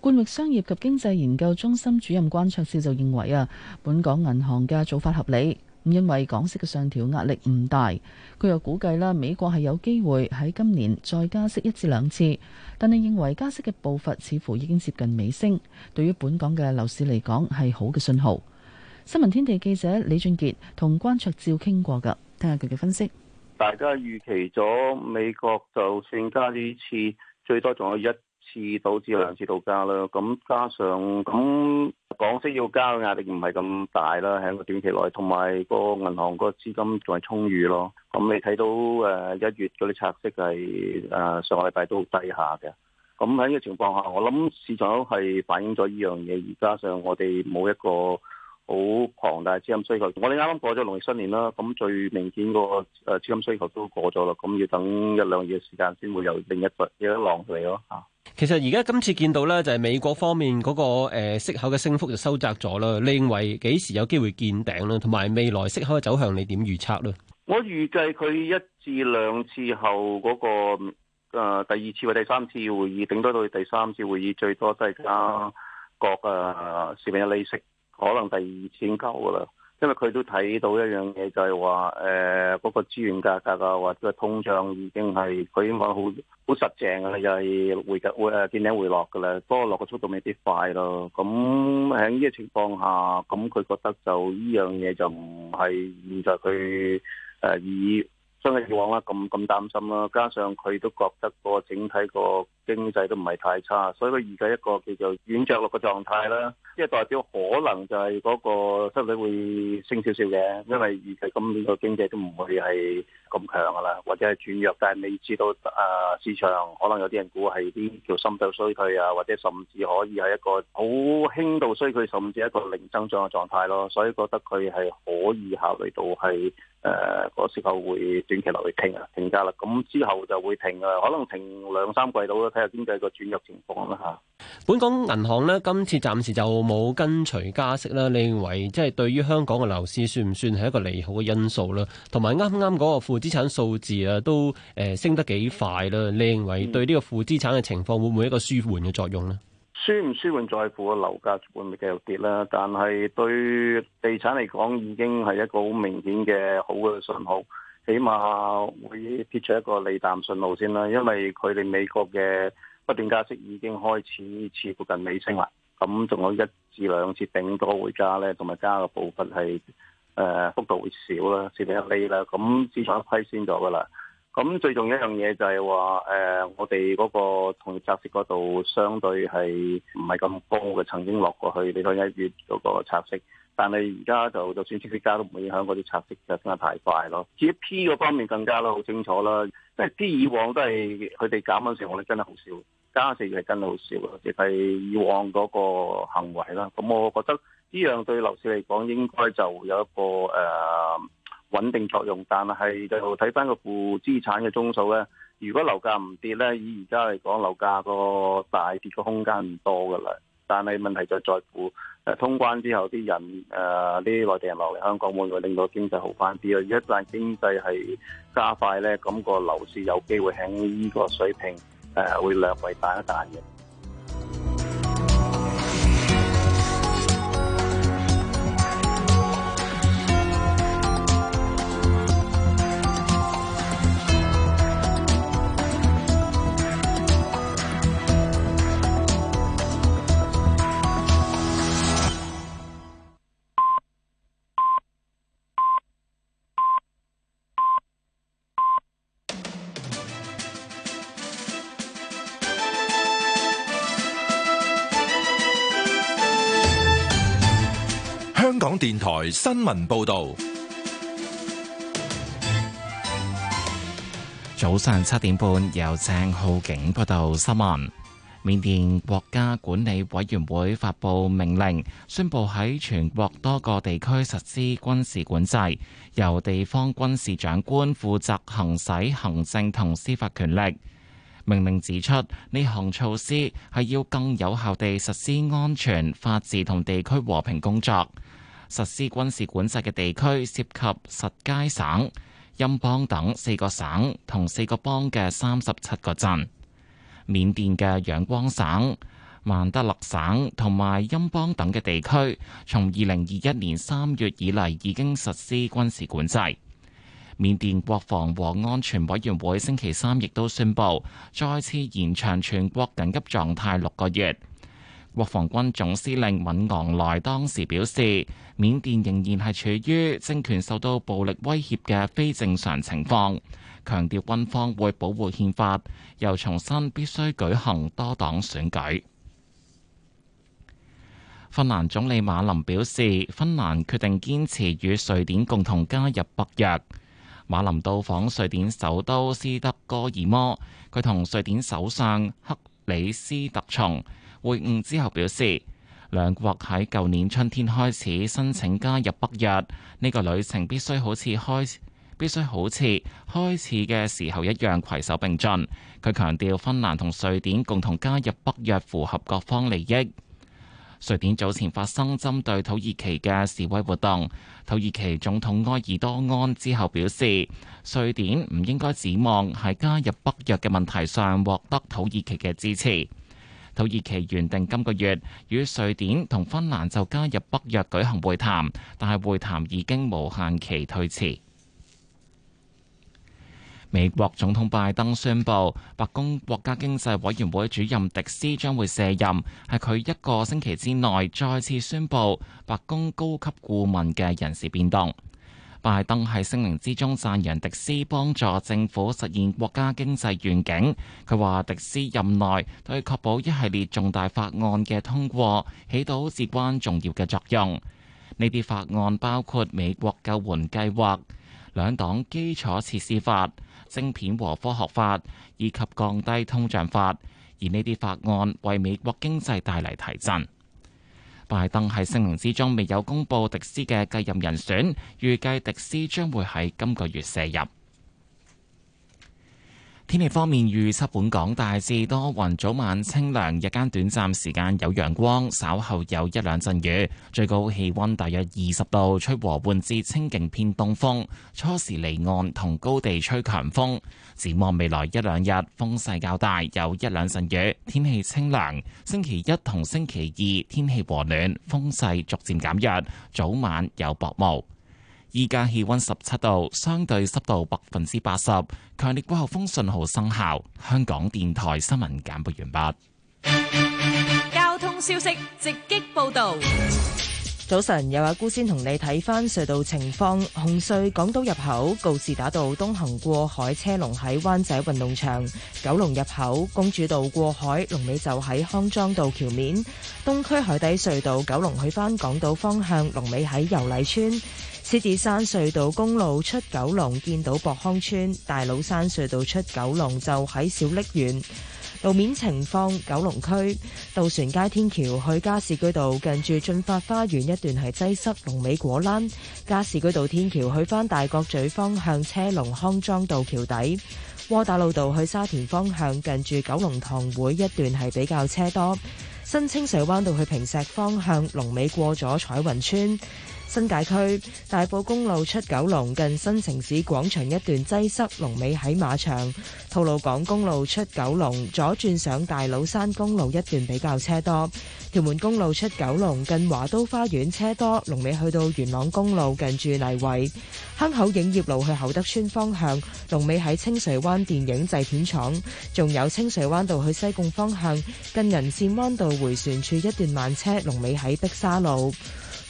冠域商業及經濟研究中心主任關卓照就認為啊，本港銀行嘅做法合理，因為港息嘅上調壓力唔大。佢又估計啦，美國係有機會喺今年再加息一至兩次，但係認為加息嘅步伐似乎已經接近尾聲。對於本港嘅樓市嚟講係好嘅信號。新聞天地記者李俊傑同關卓照傾過噶，聽下佢嘅分析。大家預期咗美國就算加呢次最多仲有一次到至兩次到加啦，咁加上咁港息要加嘅壓力唔係咁大啦，喺個短期內，同埋個銀行個資金仲係充裕咯。咁你睇到誒一月嗰啲拆息係誒上個禮拜都好低下嘅，咁喺呢個情況下，我諗市場都係反映咗呢樣嘢，而加上我哋冇一個。好龐大資金需求，我哋啱啱過咗農曆新年啦，咁最明顯個誒資金需求都過咗啦，咁要等一兩月時間先會有另一個有一浪嚟咯。嚇，其實而家今次見到咧，就係美國方面嗰個息口嘅升幅就收窄咗啦。你認為幾時有機會見頂咧？同埋未來息口嘅走向，你點預測咧？我預計佢一至兩次後嗰個第二次或第三次會議，頂多到第三次會議最多都係加各誒少少一釐息。可能第二千九噶啦，因為佢都睇到一樣嘢，就係話誒嗰個資源價格啊，或者係個通脹已經係佢已經講好好實淨噶啦，又、就、係、是、回頭會誒見頂回落噶啦，不過落個速度未必快咯。咁喺呢個情況下，咁佢覺得就呢樣嘢就唔係現在佢誒以相來以往啦，咁咁擔心啦。加上佢都覺得個整體個。經濟都唔係太差，所以佢預計一個叫做軟着陸嘅狀態啦，即係代表可能就係嗰個失業率會升少少嘅，因為預計今年個經濟都唔會係咁強噶啦，或者係轉弱，但係你知道啊，市場可能有啲人估係啲叫深度衰退啊，或者甚至可以係一個好輕度衰退，甚至一個零增長嘅狀態咯，所以覺得佢係可以考慮到係誒，嗰時候會短期落去停啊停價啦，咁之後就會停啊，可能停兩三季度啦。睇下經濟個轉入情況啦嚇。本港銀行咧今次暫時就冇跟隨加息啦。你認為即係對於香港嘅樓市算唔算係一個利好嘅因素啦？同埋啱啱嗰個負資產數字啊，都誒、呃、升得幾快啦。你認為對呢個負資產嘅情況會唔會一個舒緩嘅作用呢？舒唔舒緩在乎樓價會唔會繼續跌啦？但係對地產嚟講，已經係一個好明顯嘅好嘅信號。起碼會撇出一個利淡信號先啦，因為佢哋美國嘅不斷加息已經開始似附近尾聲啦，咁仲有一至兩次頂多會加咧，同埋加嘅部分係誒幅度會少啦，四點一厘啦，咁資產虧先咗噶啦。咁最重要一樣嘢就係話誒，我哋嗰個同業拆息嗰度相對係唔係咁高嘅，曾經落過去，比如一月嗰個拆息。但係而家就就算息息加都唔會影響嗰啲拆息嘅升得太快咯。至於 P 嗰方面更加啦，好清楚啦，即係 P 以往都係佢哋減緊時，我哋真係好少加緊時，亦係真係好少咯。亦係以往嗰個行為啦。咁、嗯、我覺得呢樣對樓市嚟講應該就有一個誒、呃、穩定作用。但係最後睇翻個負資產嘅宗數咧，如果樓價唔跌咧，以而家嚟講樓價個大跌嘅空間唔多噶啦。但係問題就在乎，誒通關之後啲人，誒、呃、啲內地人留嚟香港，會令到經濟好翻啲咯。一旦經濟係加快咧，咁、那個樓市有機會喺呢個水平，誒、呃、會略為彈一彈嘅。電台新聞報道，早上七點半由鄭浩景報道新聞。緬甸國家管理委員會發布命令，宣布喺全國多個地區實施軍事管制，由地方軍事長官負責行使行政同司法權力。命令指出，呢項措施係要更有效地實施安全、法治同地區和平工作。實施軍事管制嘅地區涉及實皆省、欽邦等四個省同四個邦嘅三十七個鎮。緬甸嘅仰光省、曼德勒省同埋欽邦等嘅地區，從二零二一年三月以嚟已經實施軍事管制。緬甸國防和安全委員會星期三亦都宣布，再次延長全國緊急狀態六個月。國防軍總司令敏昂萊當時表示，緬甸仍然係處於政權受到暴力威脅嘅非正常情況，強調軍方會保護憲法，又重申必須舉行多黨選舉。芬蘭總理馬林表示，芬蘭決定堅持與瑞典共同加入北約。馬林到訪瑞典首都斯德哥爾摩，佢同瑞典首相克里斯特松。會晤之後表示，兩國喺舊年春天開始申請加入北約，呢個旅程必須好似開必須好似開始嘅時候一樣攜手並進。佢強調芬蘭同瑞典共同加入北約符合各方利益。瑞典早前發生針對土耳其嘅示威活動，土耳其總統埃爾多安之後表示，瑞典唔應該指望喺加入北約嘅問題上獲得土耳其嘅支持。土耳其原定今個月與瑞典同芬蘭就加入北約舉行會談，但係會談已經無限期推遲。美國總統拜登宣布，白宮國家經濟委員會主任迪斯將會卸任，係佢一個星期之內再次宣布白宮高級顧問嘅人事變動。拜登喺聲明之中讚揚迪斯幫助政府實現國家經濟願景。佢話，迪斯任內對確保一系列重大法案嘅通過，起到至關重要嘅作用。呢啲法案包括美國救援計劃、兩黨基礎設施法、晶片和科學法，以及降低通脹法。而呢啲法案為美國經濟帶嚟提振。拜登喺聲明之中未有公布迪斯嘅繼任人選，預計迪斯將會喺今個月卸任。天氣方面，預測本港大致多雲，早晚清涼，日間短暫時間有陽光，稍後有一兩陣雨，最高氣溫大約二十度，吹和緩至清勁偏東風，初時離岸同高地吹強風。展望未來一兩日，風勢較大，有一兩陣雨，天氣清涼。星期一同星期二，天氣和暖，風勢逐漸減弱，早晚有薄霧。依家氣溫十七度，相對濕度百分之八十，強烈季候風信號生效。香港電台新聞簡報完畢。交通消息直擊報道，早晨，有阿姑先同你睇翻隧道情況。紅隧港島入口告士打道東行過海車龍喺灣仔運動場，九龍入口公主道過海龍尾就喺康莊道橋面。東區海底隧道九龍去返港島方向龍尾喺油麗邨。獅子山隧道公路出九龍見到博康村，大老山隧道出九龍就喺小瀝源。路面情況，九龍區渡船街天橋去加士居道近住駿發花園一段係擠塞，龍尾果欄；加士居道天橋去返大角咀方向車龍，康莊道橋底窩打老道去沙田方向近住九龍塘會一段係比較車多，新清水灣道去坪石方向龍尾過咗彩雲村。新界區大埔公路出九龍近新城市廣場一段擠塞，龍尾喺馬場；吐露港公路出九龍左轉上大老山公路一段比較車多；屯門公路出九龍近華都花園車多，龍尾去到元朗公路近住泥圍；坑口影業路去厚德村方向，龍尾喺清水灣電影製片廠；仲有清水灣道去西貢方向近銀線灣道回旋處一段慢車，龍尾喺碧沙路。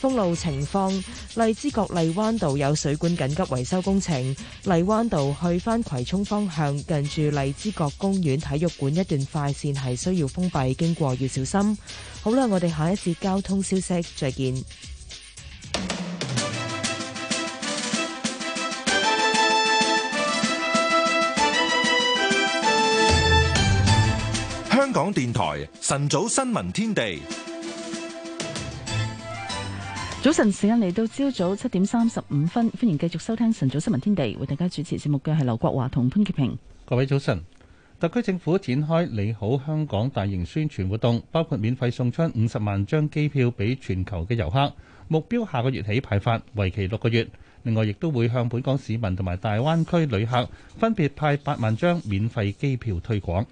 封路情況，荔枝角荔灣道有水管緊急維修工程，荔灣道去返葵涌方向，近住荔枝角公園體育館一段快線係需要封閉，經過要小心。好啦，我哋下一節交通消息，再見。香港電台晨早新聞天地。早晨，時間嚟到朝早七點三十五分，歡迎繼續收聽晨早新聞天地，為大家主持節目嘅係劉國華同潘潔平。各位早晨，特區政府展開你好香港大型宣傳活動，包括免費送出五十萬張機票俾全球嘅遊客，目標下個月起派發，為期六個月。另外，亦都會向本港市民同埋大灣區旅客分別派八萬張免費機票推廣。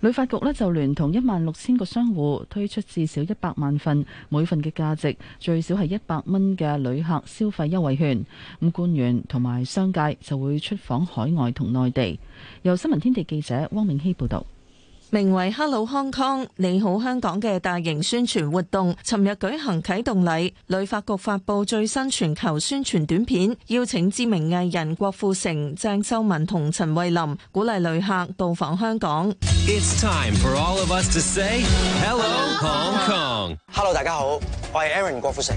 旅發局呢，就聯同一萬六千個商戶推出至少一百萬份，每份嘅價值最少係一百蚊嘅旅客消費優惠券。咁官員同埋商界就會出訪海外同內地。由新聞天地記者汪明希報導。名為《Hello Hong Kong》，你好香港嘅大型宣傳活動，尋日舉行啟動禮。旅發局發布最新全球宣傳短片，邀請知名藝人郭富城、鄭秀文同陳慧琳，鼓勵旅客到訪香港。It's time for all of us to say Hello, hello Hong Kong。Hello，大家好，我係 Aaron 郭富城。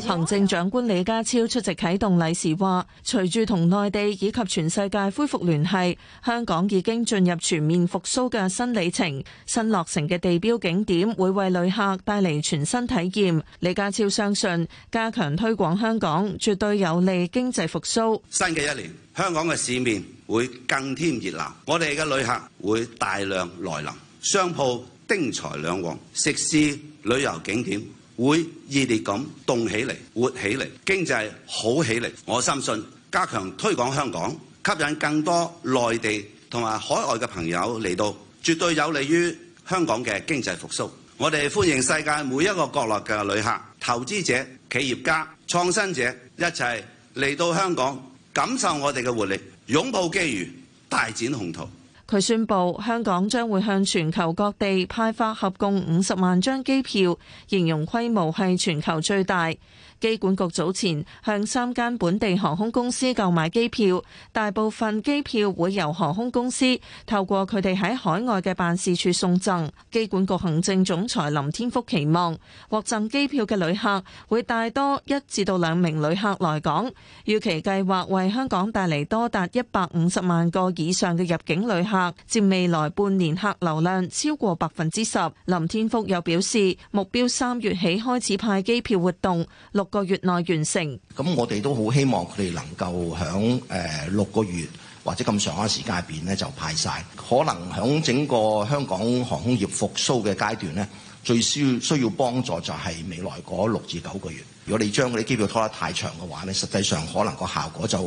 行政長官李家超出席啟動禮時話，隨住同內地以及全世界恢復聯繫，香港已經進入全面復甦嘅新里程。新落成嘅地標景點會為旅客帶嚟全新體驗。李家超相信，加強推廣香港絕對有利經濟復甦。新嘅一年，香港嘅市面會更添熱鬧，我哋嘅旅客會大量來臨，商鋪丁財兩旺，食肆旅遊景點，會熱烈咁動起嚟、活起嚟、經濟好起嚟。我相信加強推廣香港，吸引更多內地同埋海外嘅朋友嚟到，絕對有利於香港嘅經濟復甦。我哋歡迎世界每一個角落嘅旅客、投資者、企業家、創新者一齊嚟到香港，感受我哋嘅活力，擁抱機遇，大展宏圖。佢宣布，香港將會向全球各地派發合共五十萬張機票，形容規模係全球最大。機管局早前向三間本地航空公司購買機票，大部分機票會由航空公司透過佢哋喺海外嘅辦事處送贈。機管局行政總裁林天福期望獲贈機票嘅旅客會帶多一至到兩名旅客來港，預期計劃為香港帶嚟多達一百五十萬個以上嘅入境旅客。佔未來半年客流量超過百分之十，林天福又表示目標三月起開始派機票活動，六個月內完成。咁我哋都好希望佢哋能夠響誒六個月或者咁長嘅時間入邊咧就派晒。可能響整個香港航空業復甦嘅階段咧，最需要幫助就係未來嗰六至九個月。如果你將嗰啲機票拖得太長嘅話咧，實際上可能個效果就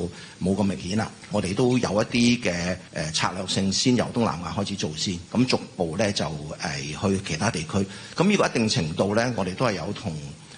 冇咁明顯啦。我哋都有一啲嘅誒策略性，先由東南亞開始做先，咁逐步咧就誒去其他地區。咁呢個一定程度咧，我哋都係有同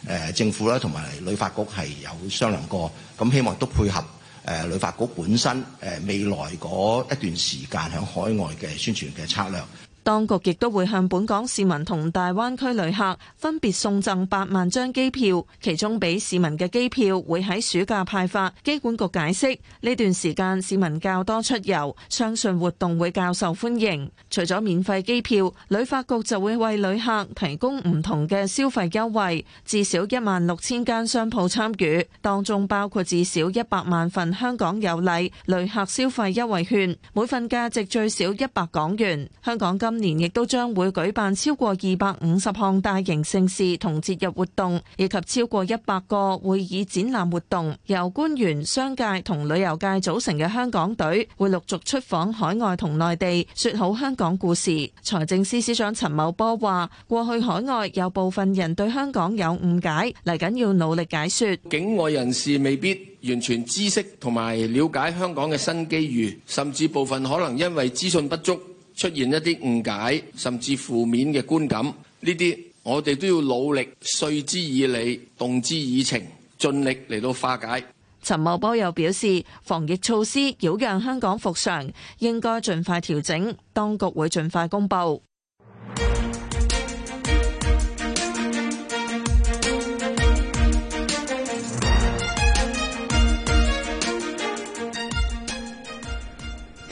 誒政府啦，同埋旅發局係有商量過。咁希望都配合誒旅發局本身誒未來嗰一段時間喺海外嘅宣傳嘅策略。當局亦都會向本港市民同大灣區旅客分別送贈八萬張機票，其中俾市民嘅機票會喺暑假派發。機管局解釋，呢段時間市民較多出遊，相信活動會較受歡迎。除咗免費機票，旅發局就會為旅客提供唔同嘅消費優惠，至少一萬六千間商鋪參與，當中包括至少一百萬份香港有禮旅客消費優惠券，每份價值最少一百港元。香港今今年亦都將會舉辦超過二百五十項大型盛事同節日活動，以及超過一百個會議展覽活動。由官員、商界同旅遊界組成嘅香港隊會陸續出訪海外同內地，說好香港故事。財政司司長陳茂波話，過去海外有部分人對香港有誤解，嚟緊要努力解說。境外人士未必完全知識同埋了解香港嘅新機遇，甚至部分可能因為資訊不足。出現一啲誤解甚至負面嘅觀感，呢啲我哋都要努力説之以理，動之以情，盡力嚟到化解。陳茂波又表示，防疫措施擾攘香港復常，應該盡快調整，當局會盡快公佈。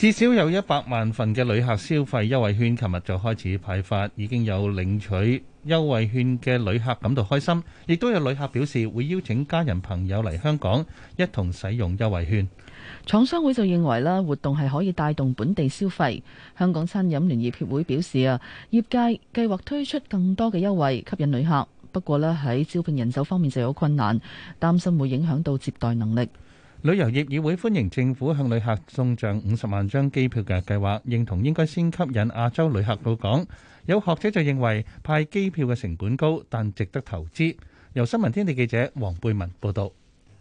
至少有一百萬份嘅旅客消費優惠券，琴日就開始派發，已經有領取優惠券嘅旅客感到開心，亦都有旅客表示會邀請家人朋友嚟香港一同使用優惠券。廠商會就認為啦，活動係可以帶動本地消費，香港餐飲聯業協會表示啊，業界計劃推出更多嘅優惠吸引旅客，不過咧喺招聘人手方面就有困難，擔心會影響到接待能力。旅遊業議會歡迎政府向旅客送贈五十萬張機票嘅計劃，認同應該先吸引亞洲旅客到港。有學者就認為派機票嘅成本高，但值得投資。由新聞天地記者黃貝文報道。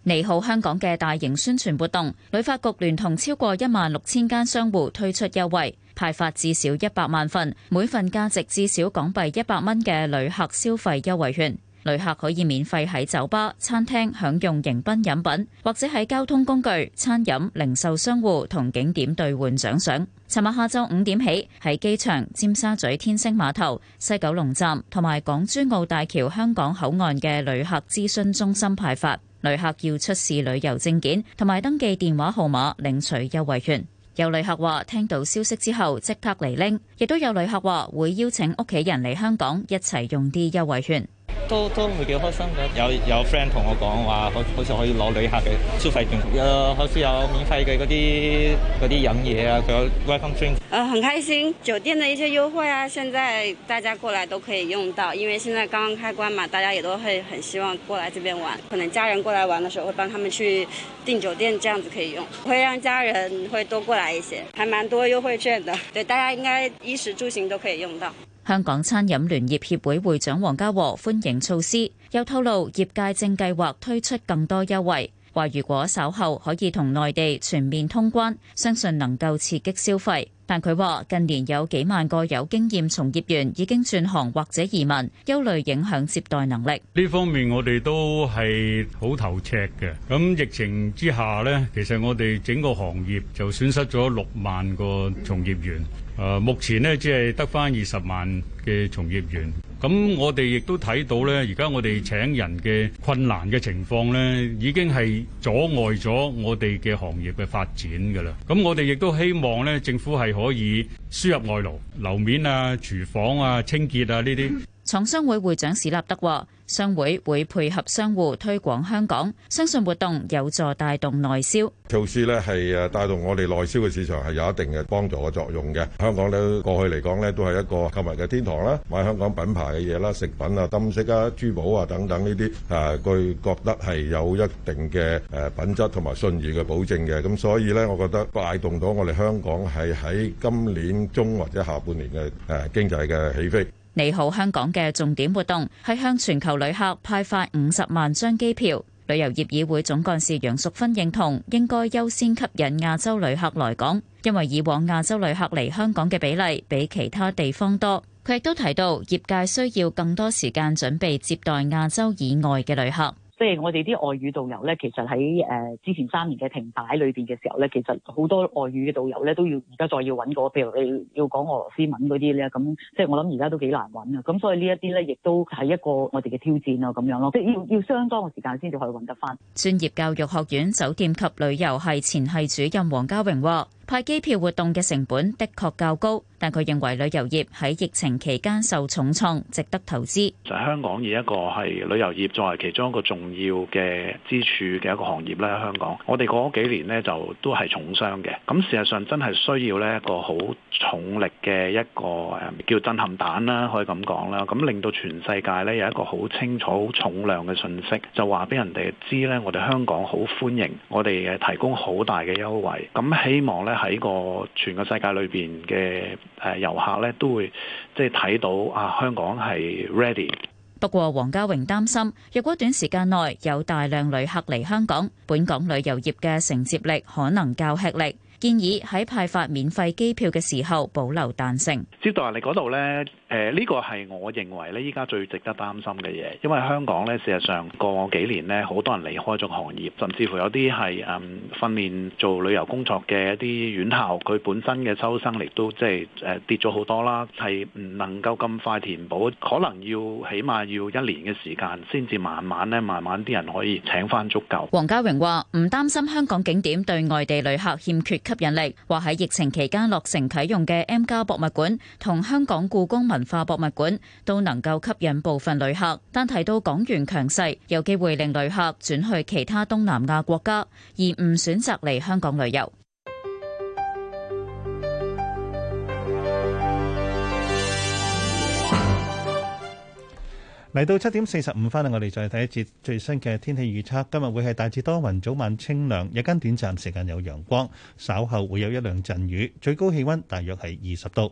你好，香港嘅大型宣傳活動，旅發局聯同超過一萬六千間商戶推出優惠，派發至少一百萬份，每份價值至少港幣一百蚊嘅旅客消費優惠券。旅客可以免費喺酒吧、餐廳享用迎賓飲品，或者喺交通工具、餐飲、零售商戶同景點兌換獎賞。尋日下晝五點起喺機場、尖沙咀天星碼頭、西九龍站同埋港珠澳大橋香港口岸嘅旅客諮詢中心派發。旅客要出示旅遊證件同埋登記電話號碼領取優惠券。有旅客話聽到消息之後即刻嚟拎，亦都有旅客話會邀請屋企人嚟香港一齊用啲優惠券。都都會幾開心嘅，有有 friend 同我講話，好好似可以攞旅客嘅消費券，有好似有免費嘅嗰啲嗰啲飲嘢啊，嗰啲 welcome drink，嗯，很開心，酒店的一些優惠啊，現在大家過來都可以用到，因為現在剛剛開關嘛，大家也都會很希望過來這邊玩，可能家人過來玩的時候會幫他們去訂酒店，這樣子可以用，會讓家人會多過來一些，還蠻多優惠券的，對，大家應該衣食住行都可以用到。香港餐飲聯業協會會長黃家和歡迎措施，又透露業界正計劃推出更多優惠，話如果稍後可以同內地全面通關，相信能夠刺激消費。但佢話近年有幾萬個有經驗從業員已經轉行或者移民，憂慮影響接待能力。呢，方面我哋都係好頭赤嘅，咁疫情之下咧，其實我哋整個行業就損失咗六萬個從業員。誒目前呢，只係得翻二十萬嘅從業員，咁我哋亦都睇到咧，而家我哋請人嘅困難嘅情況咧，已經係阻礙咗我哋嘅行業嘅發展噶啦。咁我哋亦都希望咧，政府係可以輸入外勞，樓面啊、廚房啊、清潔啊呢啲。廠商會會長史立德話。商會會配合商戶推廣香港，相信活動有助帶動內銷。措施呢，係誒帶動我哋內銷嘅市場，係有一定嘅幫助嘅作用嘅。香港呢，過去嚟講呢，都係一個購物嘅天堂啦，買香港品牌嘅嘢啦、食品啊、金飾啊、珠寶啊等等呢啲誒，佢、啊、覺得係有一定嘅誒品質同埋信譽嘅保證嘅。咁所以呢，我覺得帶動到我哋香港係喺今年中或者下半年嘅誒、啊、經濟嘅起飛。你好，香港嘅重點活動係向全球旅客派發五十萬張機票。旅遊業議會總幹事楊淑芬認同應該優先吸引亞洲旅客來港，因為以往亞洲旅客嚟香港嘅比例比其他地方多。佢亦都提到，業界需要更多時間準備接待亞洲以外嘅旅客。即係我哋啲外語導遊咧，其實喺誒、呃、之前三年嘅停擺裏邊嘅時候咧，其實好多外語嘅導遊咧都要而家再要揾過，譬如你要講俄羅斯文嗰啲咧，咁即係我諗而家都幾難揾啊。咁所以呢一啲咧，亦都係一個我哋嘅挑戰咯，咁樣咯，即係要要相當嘅時間先至可以揾得返。專業教育學院酒店及旅遊系前系主任黃家榮話。派機票活動嘅成本，的確較高，但佢認為旅遊業喺疫情期間受重創，值得投資。就係香港以一個係旅遊業作為其中一個重要嘅支柱嘅一個行業咧。香港，我哋嗰幾年呢，就都係重傷嘅。咁事實上真係需要呢一個好重力嘅一個誒叫震撼彈啦，可以咁講啦。咁令到全世界呢有一個好清楚、好重量嘅信息，就話俾人哋知呢：「我哋香港好歡迎，我哋誒提供好大嘅優惠。」咁希望呢。喺個全個世界裏邊嘅誒遊客咧，都會即係睇到啊，香港係 ready。不過黃家榮擔心，若果短時間內有大量旅客嚟香港，本港旅遊業嘅承接力可能較吃力，建議喺派發免費機票嘅時候保留彈性。接導，你嗰度咧？誒呢個係我認為呢，依家最值得擔心嘅嘢。因為香港呢，事實上過幾年呢，好多人離開咗行業，甚至乎有啲係誒訓練做旅遊工作嘅一啲院校，佢本身嘅收生力都即係誒、呃、跌咗好多啦，係唔能夠咁快填補，可能要起碼要一年嘅時間，先至慢慢呢，慢慢啲人可以請翻足夠。黃家榮話唔擔心香港景點對外地旅客欠缺吸引力，話喺疫情期間落成啟用嘅 M 加博物館同香港故宮。文文化博物館都能夠吸引部分旅客，但提到港元強勢，有機會令旅客轉去其他東南亞國家，而唔選擇嚟香港旅遊。嚟到七點四十五分啦，我哋再睇一節最新嘅天氣預測。今日會係大致多雲，早晚清涼，日間短暫時間有陽光，稍後會有一兩陣雨，最高氣温大約係二十度。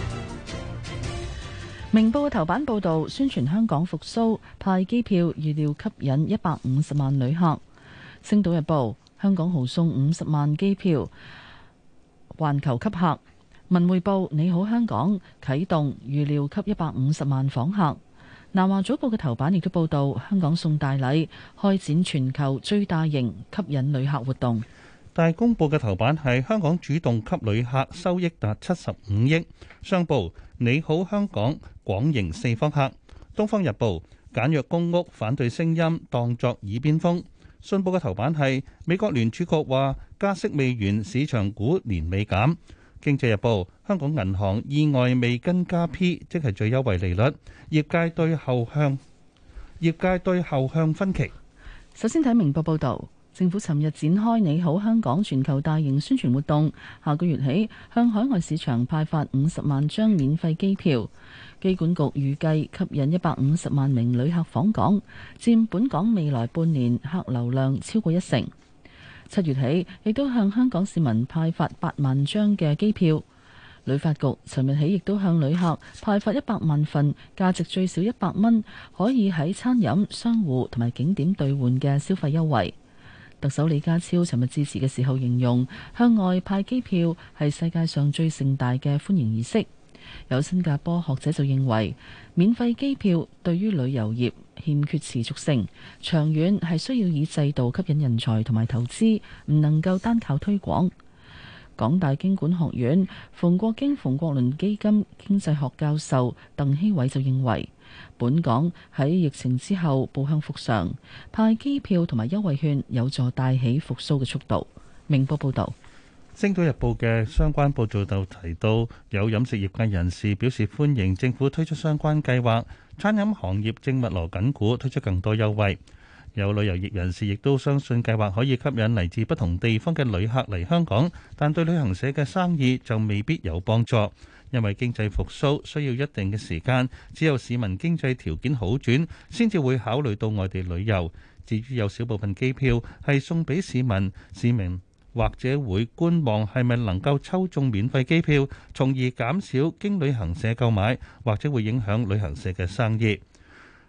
明報嘅頭版報道，宣傳香港復蘇派機票，預料吸引一百五十萬旅客。星島日報：香港豪送五十萬機票，環球吸客。文匯報：你好香港啟動，預料吸一百五十萬訪客。南華早報嘅頭版亦都報道，香港送大禮，開展全球最大型吸引旅客活動。大公報嘅頭版係香港主動給旅客收益達七十五億，商報你好香港，廣迎四方客。東方日報簡約公屋，反對聲音當作耳邊風，信報嘅頭版係美國聯儲局話加息未完，市場股年尾減。經濟日報香港銀行意外未跟加 P，即係最優惠利率。業界對後向業界對後向分歧。首先睇明報報道。政府尋日展開《你好，香港》全球大型宣傳活動，下個月起向海外市場派發五十萬張免費機票。機管局預計吸引一百五十萬名旅客訪港，佔本港未來半年客流量超過一成。七月起，亦都向香港市民派發八萬張嘅機票。旅發局尋日起亦都向旅客派發一百萬份價值最少一百蚊，可以喺餐飲、商戶同埋景點兌換嘅消費優惠。特首李家超尋日致辭嘅時候形容向外派機票係世界上最盛大嘅歡迎儀式。有新加坡學者就認為，免費機票對於旅遊業欠缺持續性，長遠係需要以制度吸引人才同埋投資，唔能夠單靠推廣。港大經管學院馮國經馮國倫基金經濟學教授鄧希偉就認為。本港喺疫情之後步向復常，派機票同埋優惠券有助帶起復甦嘅速度。明報報導，《星島日報》嘅相關報導就提到，有飲食業界人士表示歡迎政府推出相關計劃，餐飲行業正密鑼緊鼓，推出更多優惠。有旅遊業人士亦都相信計劃可以吸引嚟自不同地方嘅旅客嚟香港，但對旅行社嘅生意就未必有幫助。因為經濟復甦需要一定嘅時間，只有市民經濟條件好轉，先至會考慮到外地旅遊。至於有少部分機票係送俾市民市民，市民或者會觀望係咪能夠抽中免費機票，從而減少經旅行社購買，或者會影響旅行社嘅生意。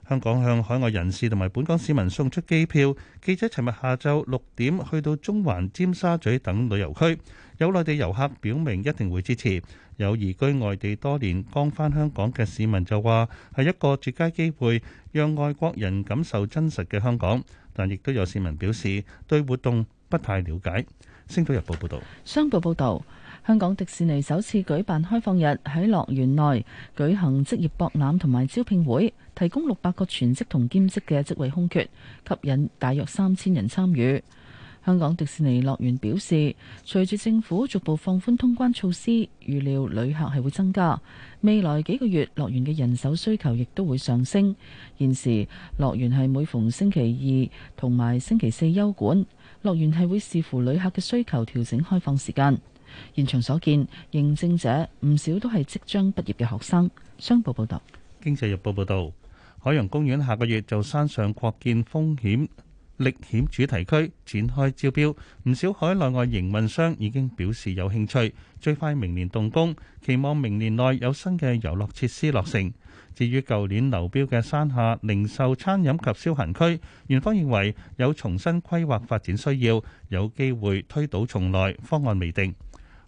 香港向海外人士同埋本港市民送出機票。記者尋日下晝六點去到中環、尖沙咀等旅遊區。有內地遊客表明一定會支持，有移居外地多年剛返香港嘅市民就話係一個絕佳機會，讓外國人感受真實嘅香港。但亦都有市民表示對活動不太了解。星島日報報道，商報報道，香港迪士尼首次舉辦開放日，喺樂園內舉行職業博覽同埋招聘會，提供六百個全職同兼職嘅職位空缺，吸引大約三千人參與。香港迪士尼樂園表示，隨住政府逐步放寬通關措施，預料旅客係會增加。未來幾個月，樂園嘅人手需求亦都會上升。現時樂園係每逢星期二同埋星期四休館，樂園係會視乎旅客嘅需求調整開放時間。現場所見，應徵者唔少都係即將畢業嘅學生。商報報道，經濟日報報道，海洋公園下個月就山上擴建風險。力險主題區展開招標，唔少海內外營運商已經表示有興趣，最快明年動工，期望明年內有新嘅遊樂設施落成。至於舊年流標嘅山下零售餐飲及消閒區，園方認為有重新規劃發展需要，有機會推倒重來，方案未定。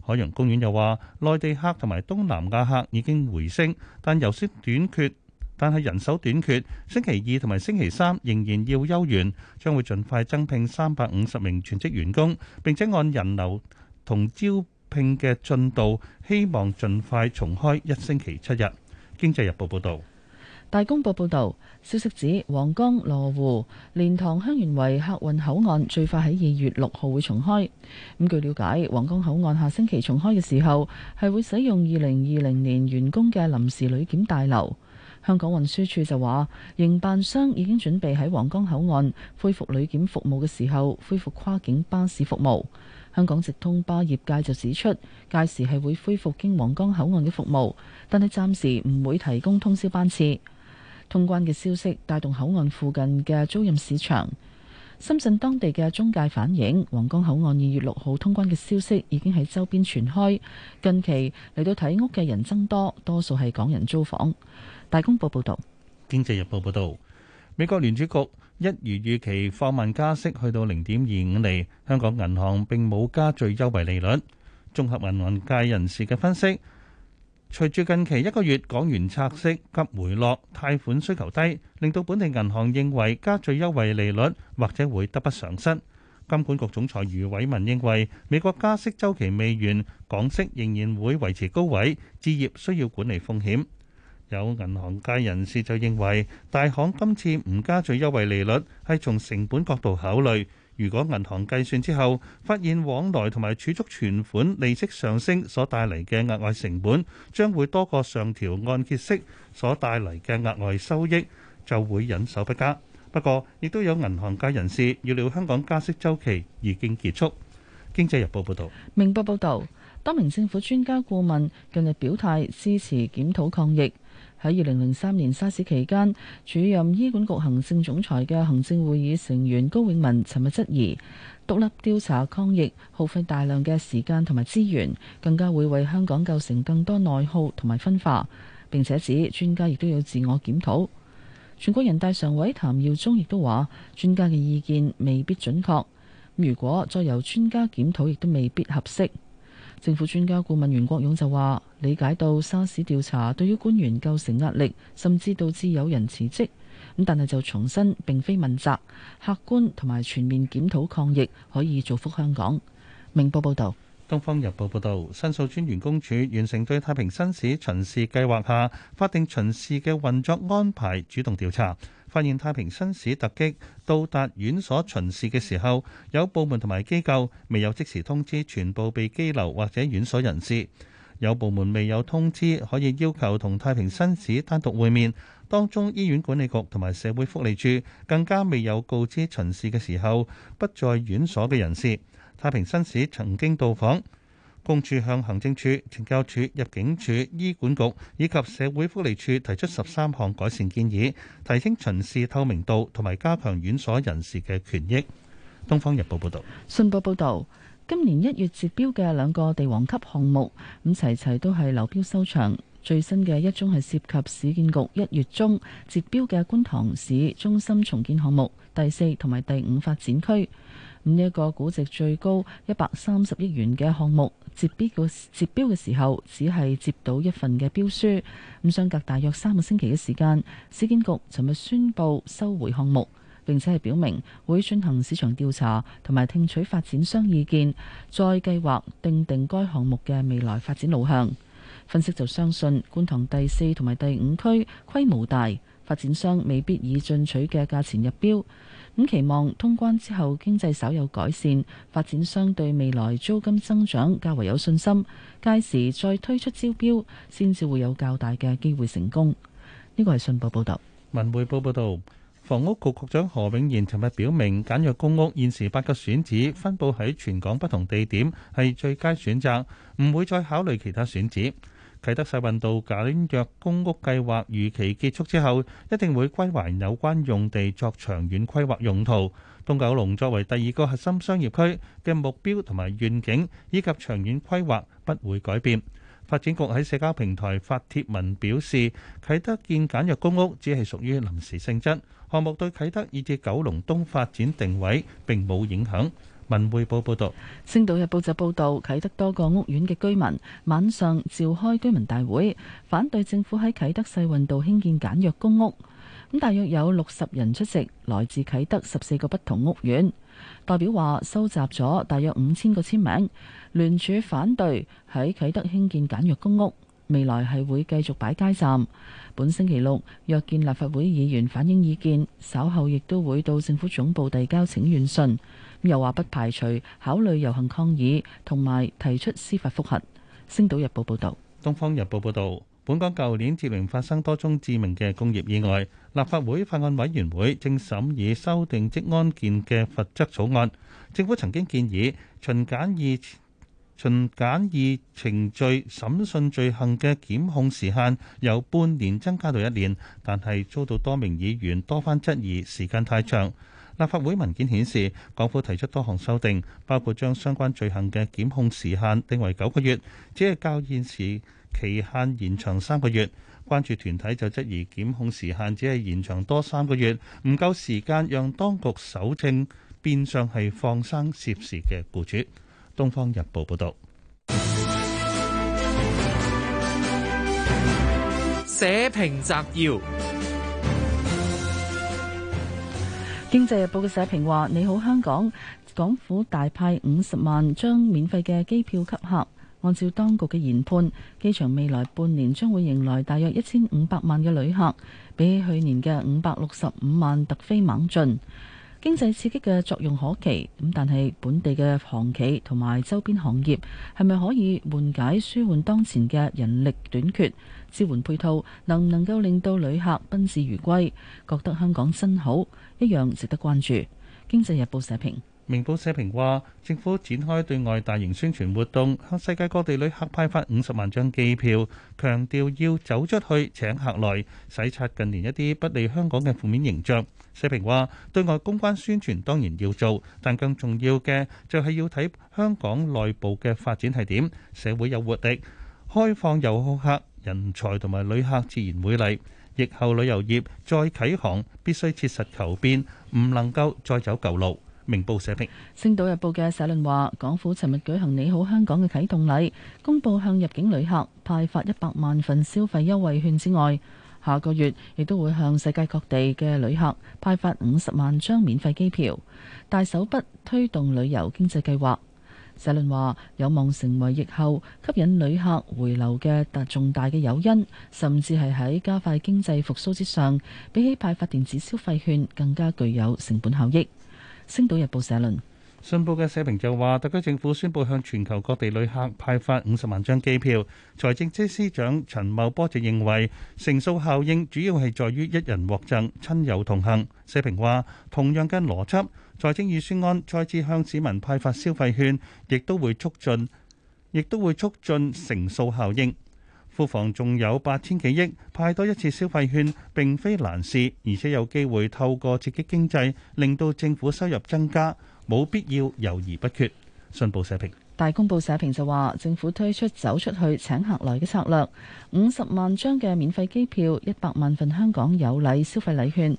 海洋公園又話，內地客同埋東南亞客已經回升，但游息短缺。但係人手短缺，星期二同埋星期三仍然要休園，將會盡快增聘三百五十名全職員工，並且按人流同招聘嘅進度，希望盡快重開一星期七日。《經濟日報》報道，《大公報》報道消息指，皇崗羅湖蓮塘香園圍客運口岸最快喺二月六號會重開。咁據了解，皇崗口岸下星期重開嘅時候係會使用二零二零年完工嘅臨時旅檢大樓。香港運輸署就話，營辦商已經準備喺皇崗口岸恢復旅檢服務嘅時候，恢復跨境巴士服務。香港直通巴業界就指出，屆時係會恢復經皇崗口岸嘅服務，但係暫時唔會提供通宵班次。通關嘅消息帶動口岸附近嘅租賃市場。深圳當地嘅中介反映，皇崗口岸二月六號通關嘅消息已經喺周邊傳開，近期嚟到睇屋嘅人增多，多數係港人租房。大公報報道，《經濟日報》報道，美國聯儲局一如預期放慢加息，去到零點二五厘。香港銀行並冇加最優惠利率。綜合銀行界人士嘅分析，隨住近期一個月港元拆息急回落，貸款需求低，令到本地銀行認為加最優惠利率或者會得不償失。金管局總裁余偉文認為，美國加息周期未完，港息仍然會維持高位，置業需要管理風險。有銀行界人士就認為，大行今次唔加最優惠利率，係從成本角度考慮。如果銀行計算之後發現往來同埋儲蓄存款利息上升所帶嚟嘅額外成本，將會多過上調按揭息所帶嚟嘅額外收益，就會忍手不加。不過，亦都有銀行界人士預料香港加息周期已經結束。經濟日報報道，明報報道，多名政府專家顧問近日表態支持檢討抗疫。喺二零零三年沙士期間，主任醫管局行政總裁嘅行政會議成員高永文尋日質疑獨立調查抗疫耗費大量嘅時間同埋資源，更加會為香港構成更多內耗同埋分化。並且指專家亦都有自我檢討。全國人大常委譚耀宗亦都話，專家嘅意見未必準確。如果再由專家檢討，亦都未必合適。政府專家顧問袁國勇就話：理解到沙士調查對於官員構成壓力，甚至導致有人辭職。咁但係就重申並非問責，客觀同埋全面檢討抗疫可以造福香港。明報報道：東方日報報道，申訴專員公署完成對太平紳士巡視計劃下法定巡視嘅運作安排主動調查。發現太平紳士突擊到達院所巡視嘅時候，有部門同埋機構未有即時通知全部被拘留或者院所人士，有部門未有通知可以要求同太平紳士單獨會面，當中醫院管理局同埋社會福利署更加未有告知巡視嘅時候不在院所嘅人士。太平紳士曾經到訪。公署向行政署、懲教署、入境署、醫管局以及社會福利署提出十三項改善建議，提升巡視透明度同埋加強院所人士嘅權益。《東方日報》報道，《信報》報道，今年一月截標嘅兩個地王級項目咁齊齊都係流標收場。最新嘅一宗係涉及市建局一月中截標嘅觀塘市中心重建項目第四同埋第五發展區。咁一個估值最高一百三十億元嘅項目，接標嘅接標嘅時候，只係接到一份嘅標書。咁相隔大約三個星期嘅時間，市建局尋日宣布收回項目，並且係表明會進行市場調查同埋聽取發展商意見，再計劃訂定該項目嘅未來發展路向。分析就相信觀塘第四同埋第五區規模大，發展商未必以進取嘅價錢入標。咁期望通關之後經濟稍有改善，發展商對未來租金增長較為有信心，屆時再推出招標先至會有較大嘅機會成功。呢個係信報報道。文匯報報道，房屋局局長何永賢尋日表明，簡約公屋現時八個選址分布喺全港不同地點，係最佳選擇，唔會再考慮其他選址。啟德世運道簡約公屋計劃預期結束之後，一定會歸還有關用地作長遠規劃用途。東九龍作為第二個核心商業區嘅目標同埋願景，以及長遠規劃不會改變。發展局喺社交平台發帖文表示，啟德建簡約公屋只係屬於臨時性質，項目對啟德以至九龍東發展定位並冇影響。文匯報報道，《星島日報》就報道啟德多個屋苑嘅居民晚上召開居民大會，反對政府喺啟德世運道興建簡約公屋。咁大約有六十人出席，來自啟德十四個不同屋苑。代表話收集咗大約五千個簽名，聯署反對喺啟德興建簡約公屋。未來係會繼續擺街站。本星期六約見立法會議員反映意見，稍後亦都會到政府總部遞交請願信。又話不排除考慮遊行抗議同埋提出司法覆核。星島日報報導，東方日報報導，本港舊年接連發生多宗致命嘅工業意外。立法會法案委員會正審議修訂職安健嘅罰則草案。政府曾經建議，循簡易循簡易程序審訊罪行嘅檢控時限由半年增加到一年，但係遭到多名議員多番質疑時間太長。立法會文件顯示，港府提出多項修訂，包括將相關罪行嘅檢控時限定為九個月，只係較現時期限延長三個月。關注團體就質疑檢控時限只係延長多三個月，唔夠時間讓當局搜證，變相係放生涉事嘅僱主。《東方日報》報道。社評摘要。經濟日報嘅社評話：你好，香港，港府大派五十萬張免費嘅機票給客。按照當局嘅研判，機場未來半年將會迎來大約一千五百萬嘅旅客，比起去年嘅五百六十五萬突飛猛進。經濟刺激嘅作用可期，咁但係本地嘅航企同埋周邊行業係咪可以緩解、舒緩當前嘅人力短缺？支援配套能唔能夠令到旅客賓至如歸，覺得香港真好？一樣值得關注。經濟日報社評。明報社評話，政府展開對外大型宣傳活動，向世界各地旅客派發五十萬張機票，強調要走出去請客來，洗刷近年一啲不利香港嘅負面形象。社評話，對外公關宣傳當然要做，但更重要嘅就係要睇香港內部嘅發展係點，社會有活力，開放遊客、人才同埋旅客自然會嚟。疫後旅遊業再啓航，必須切實求變，唔能夠再走舊路。明報社評。《星島日報》嘅社論話：港府尋日舉行「你好香港」嘅啟動禮，公佈向入境旅客派發一百萬份消費優惠券之外，下個月亦都會向世界各地嘅旅客派發五十萬張免費機票，大手筆推動旅遊經濟計劃。社論話有望成為疫後吸引旅客回流嘅特重大嘅誘因，甚至係喺加快經濟復蘇之上，比起派發電子消費券更加具有成本效益。星島日報社論，信報嘅社評就話特區政府宣佈向全球各地旅客派發五十萬張機票，財政司司長陳茂波就認為乘數效應主要係在於一人獲贈，親友同行。社評話同樣嘅邏輯。財政預算案再次向市民派發消費券，亦都會促進，亦都會促進乘數效應。庫房仲有八千幾億，派多一次消費券並非難事，而且有機會透過刺激經濟，令到政府收入增加，冇必要猶疑不決。信報社評。大公報社評就話政府推出走出去請客來嘅策略，五十萬張嘅免費機票，一百萬份香港有禮消費禮券，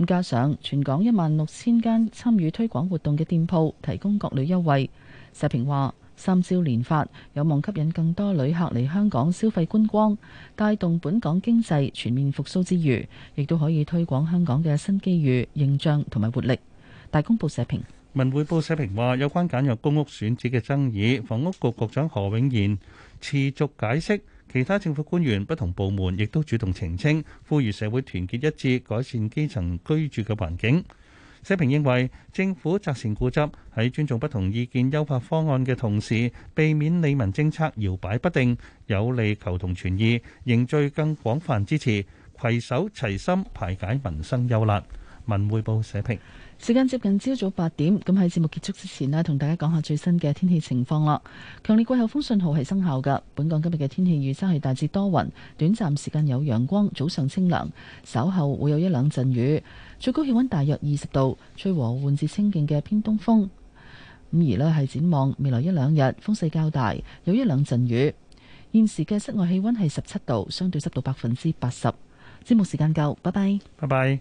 咁加上全港一萬六千間參與推廣活動嘅店鋪，提供各類優惠。社評話三招連發，有望吸引更多旅客嚟香港消費觀光，帶動本港經濟全面復甦之餘亦都可以推廣香港嘅新機遇、形象同埋活力。大公報社評。文匯報社評話，有關簡約公屋選址嘅爭議，房屋局局長何永賢持續解釋，其他政府官員、不同部門亦都主動澄清，呼籲社會團結一致，改善基層居住嘅環境。社評認為，政府擇善固執，喺尊重不同意見、優化方案嘅同時，避免利民政策搖擺不定，有利求同存異，凝聚更廣泛支持，攜手齊心排解民生憂難。文匯報社評。時間接近朝早八點，咁喺節目結束之前呢，同大家講下最新嘅天氣情況啦。強烈季候風信號係生效嘅，本港今日嘅天氣預測係大致多雲，短暫時間有陽光，早上清涼，稍後會有一兩陣雨，最高氣溫大約二十度，吹和緩至清勁嘅偏東風。咁而呢係展望未來一兩日，風勢較大，有一兩陣雨。現時嘅室外氣溫係十七度，相對濕度百分之八十。節目時間夠，拜拜，拜拜。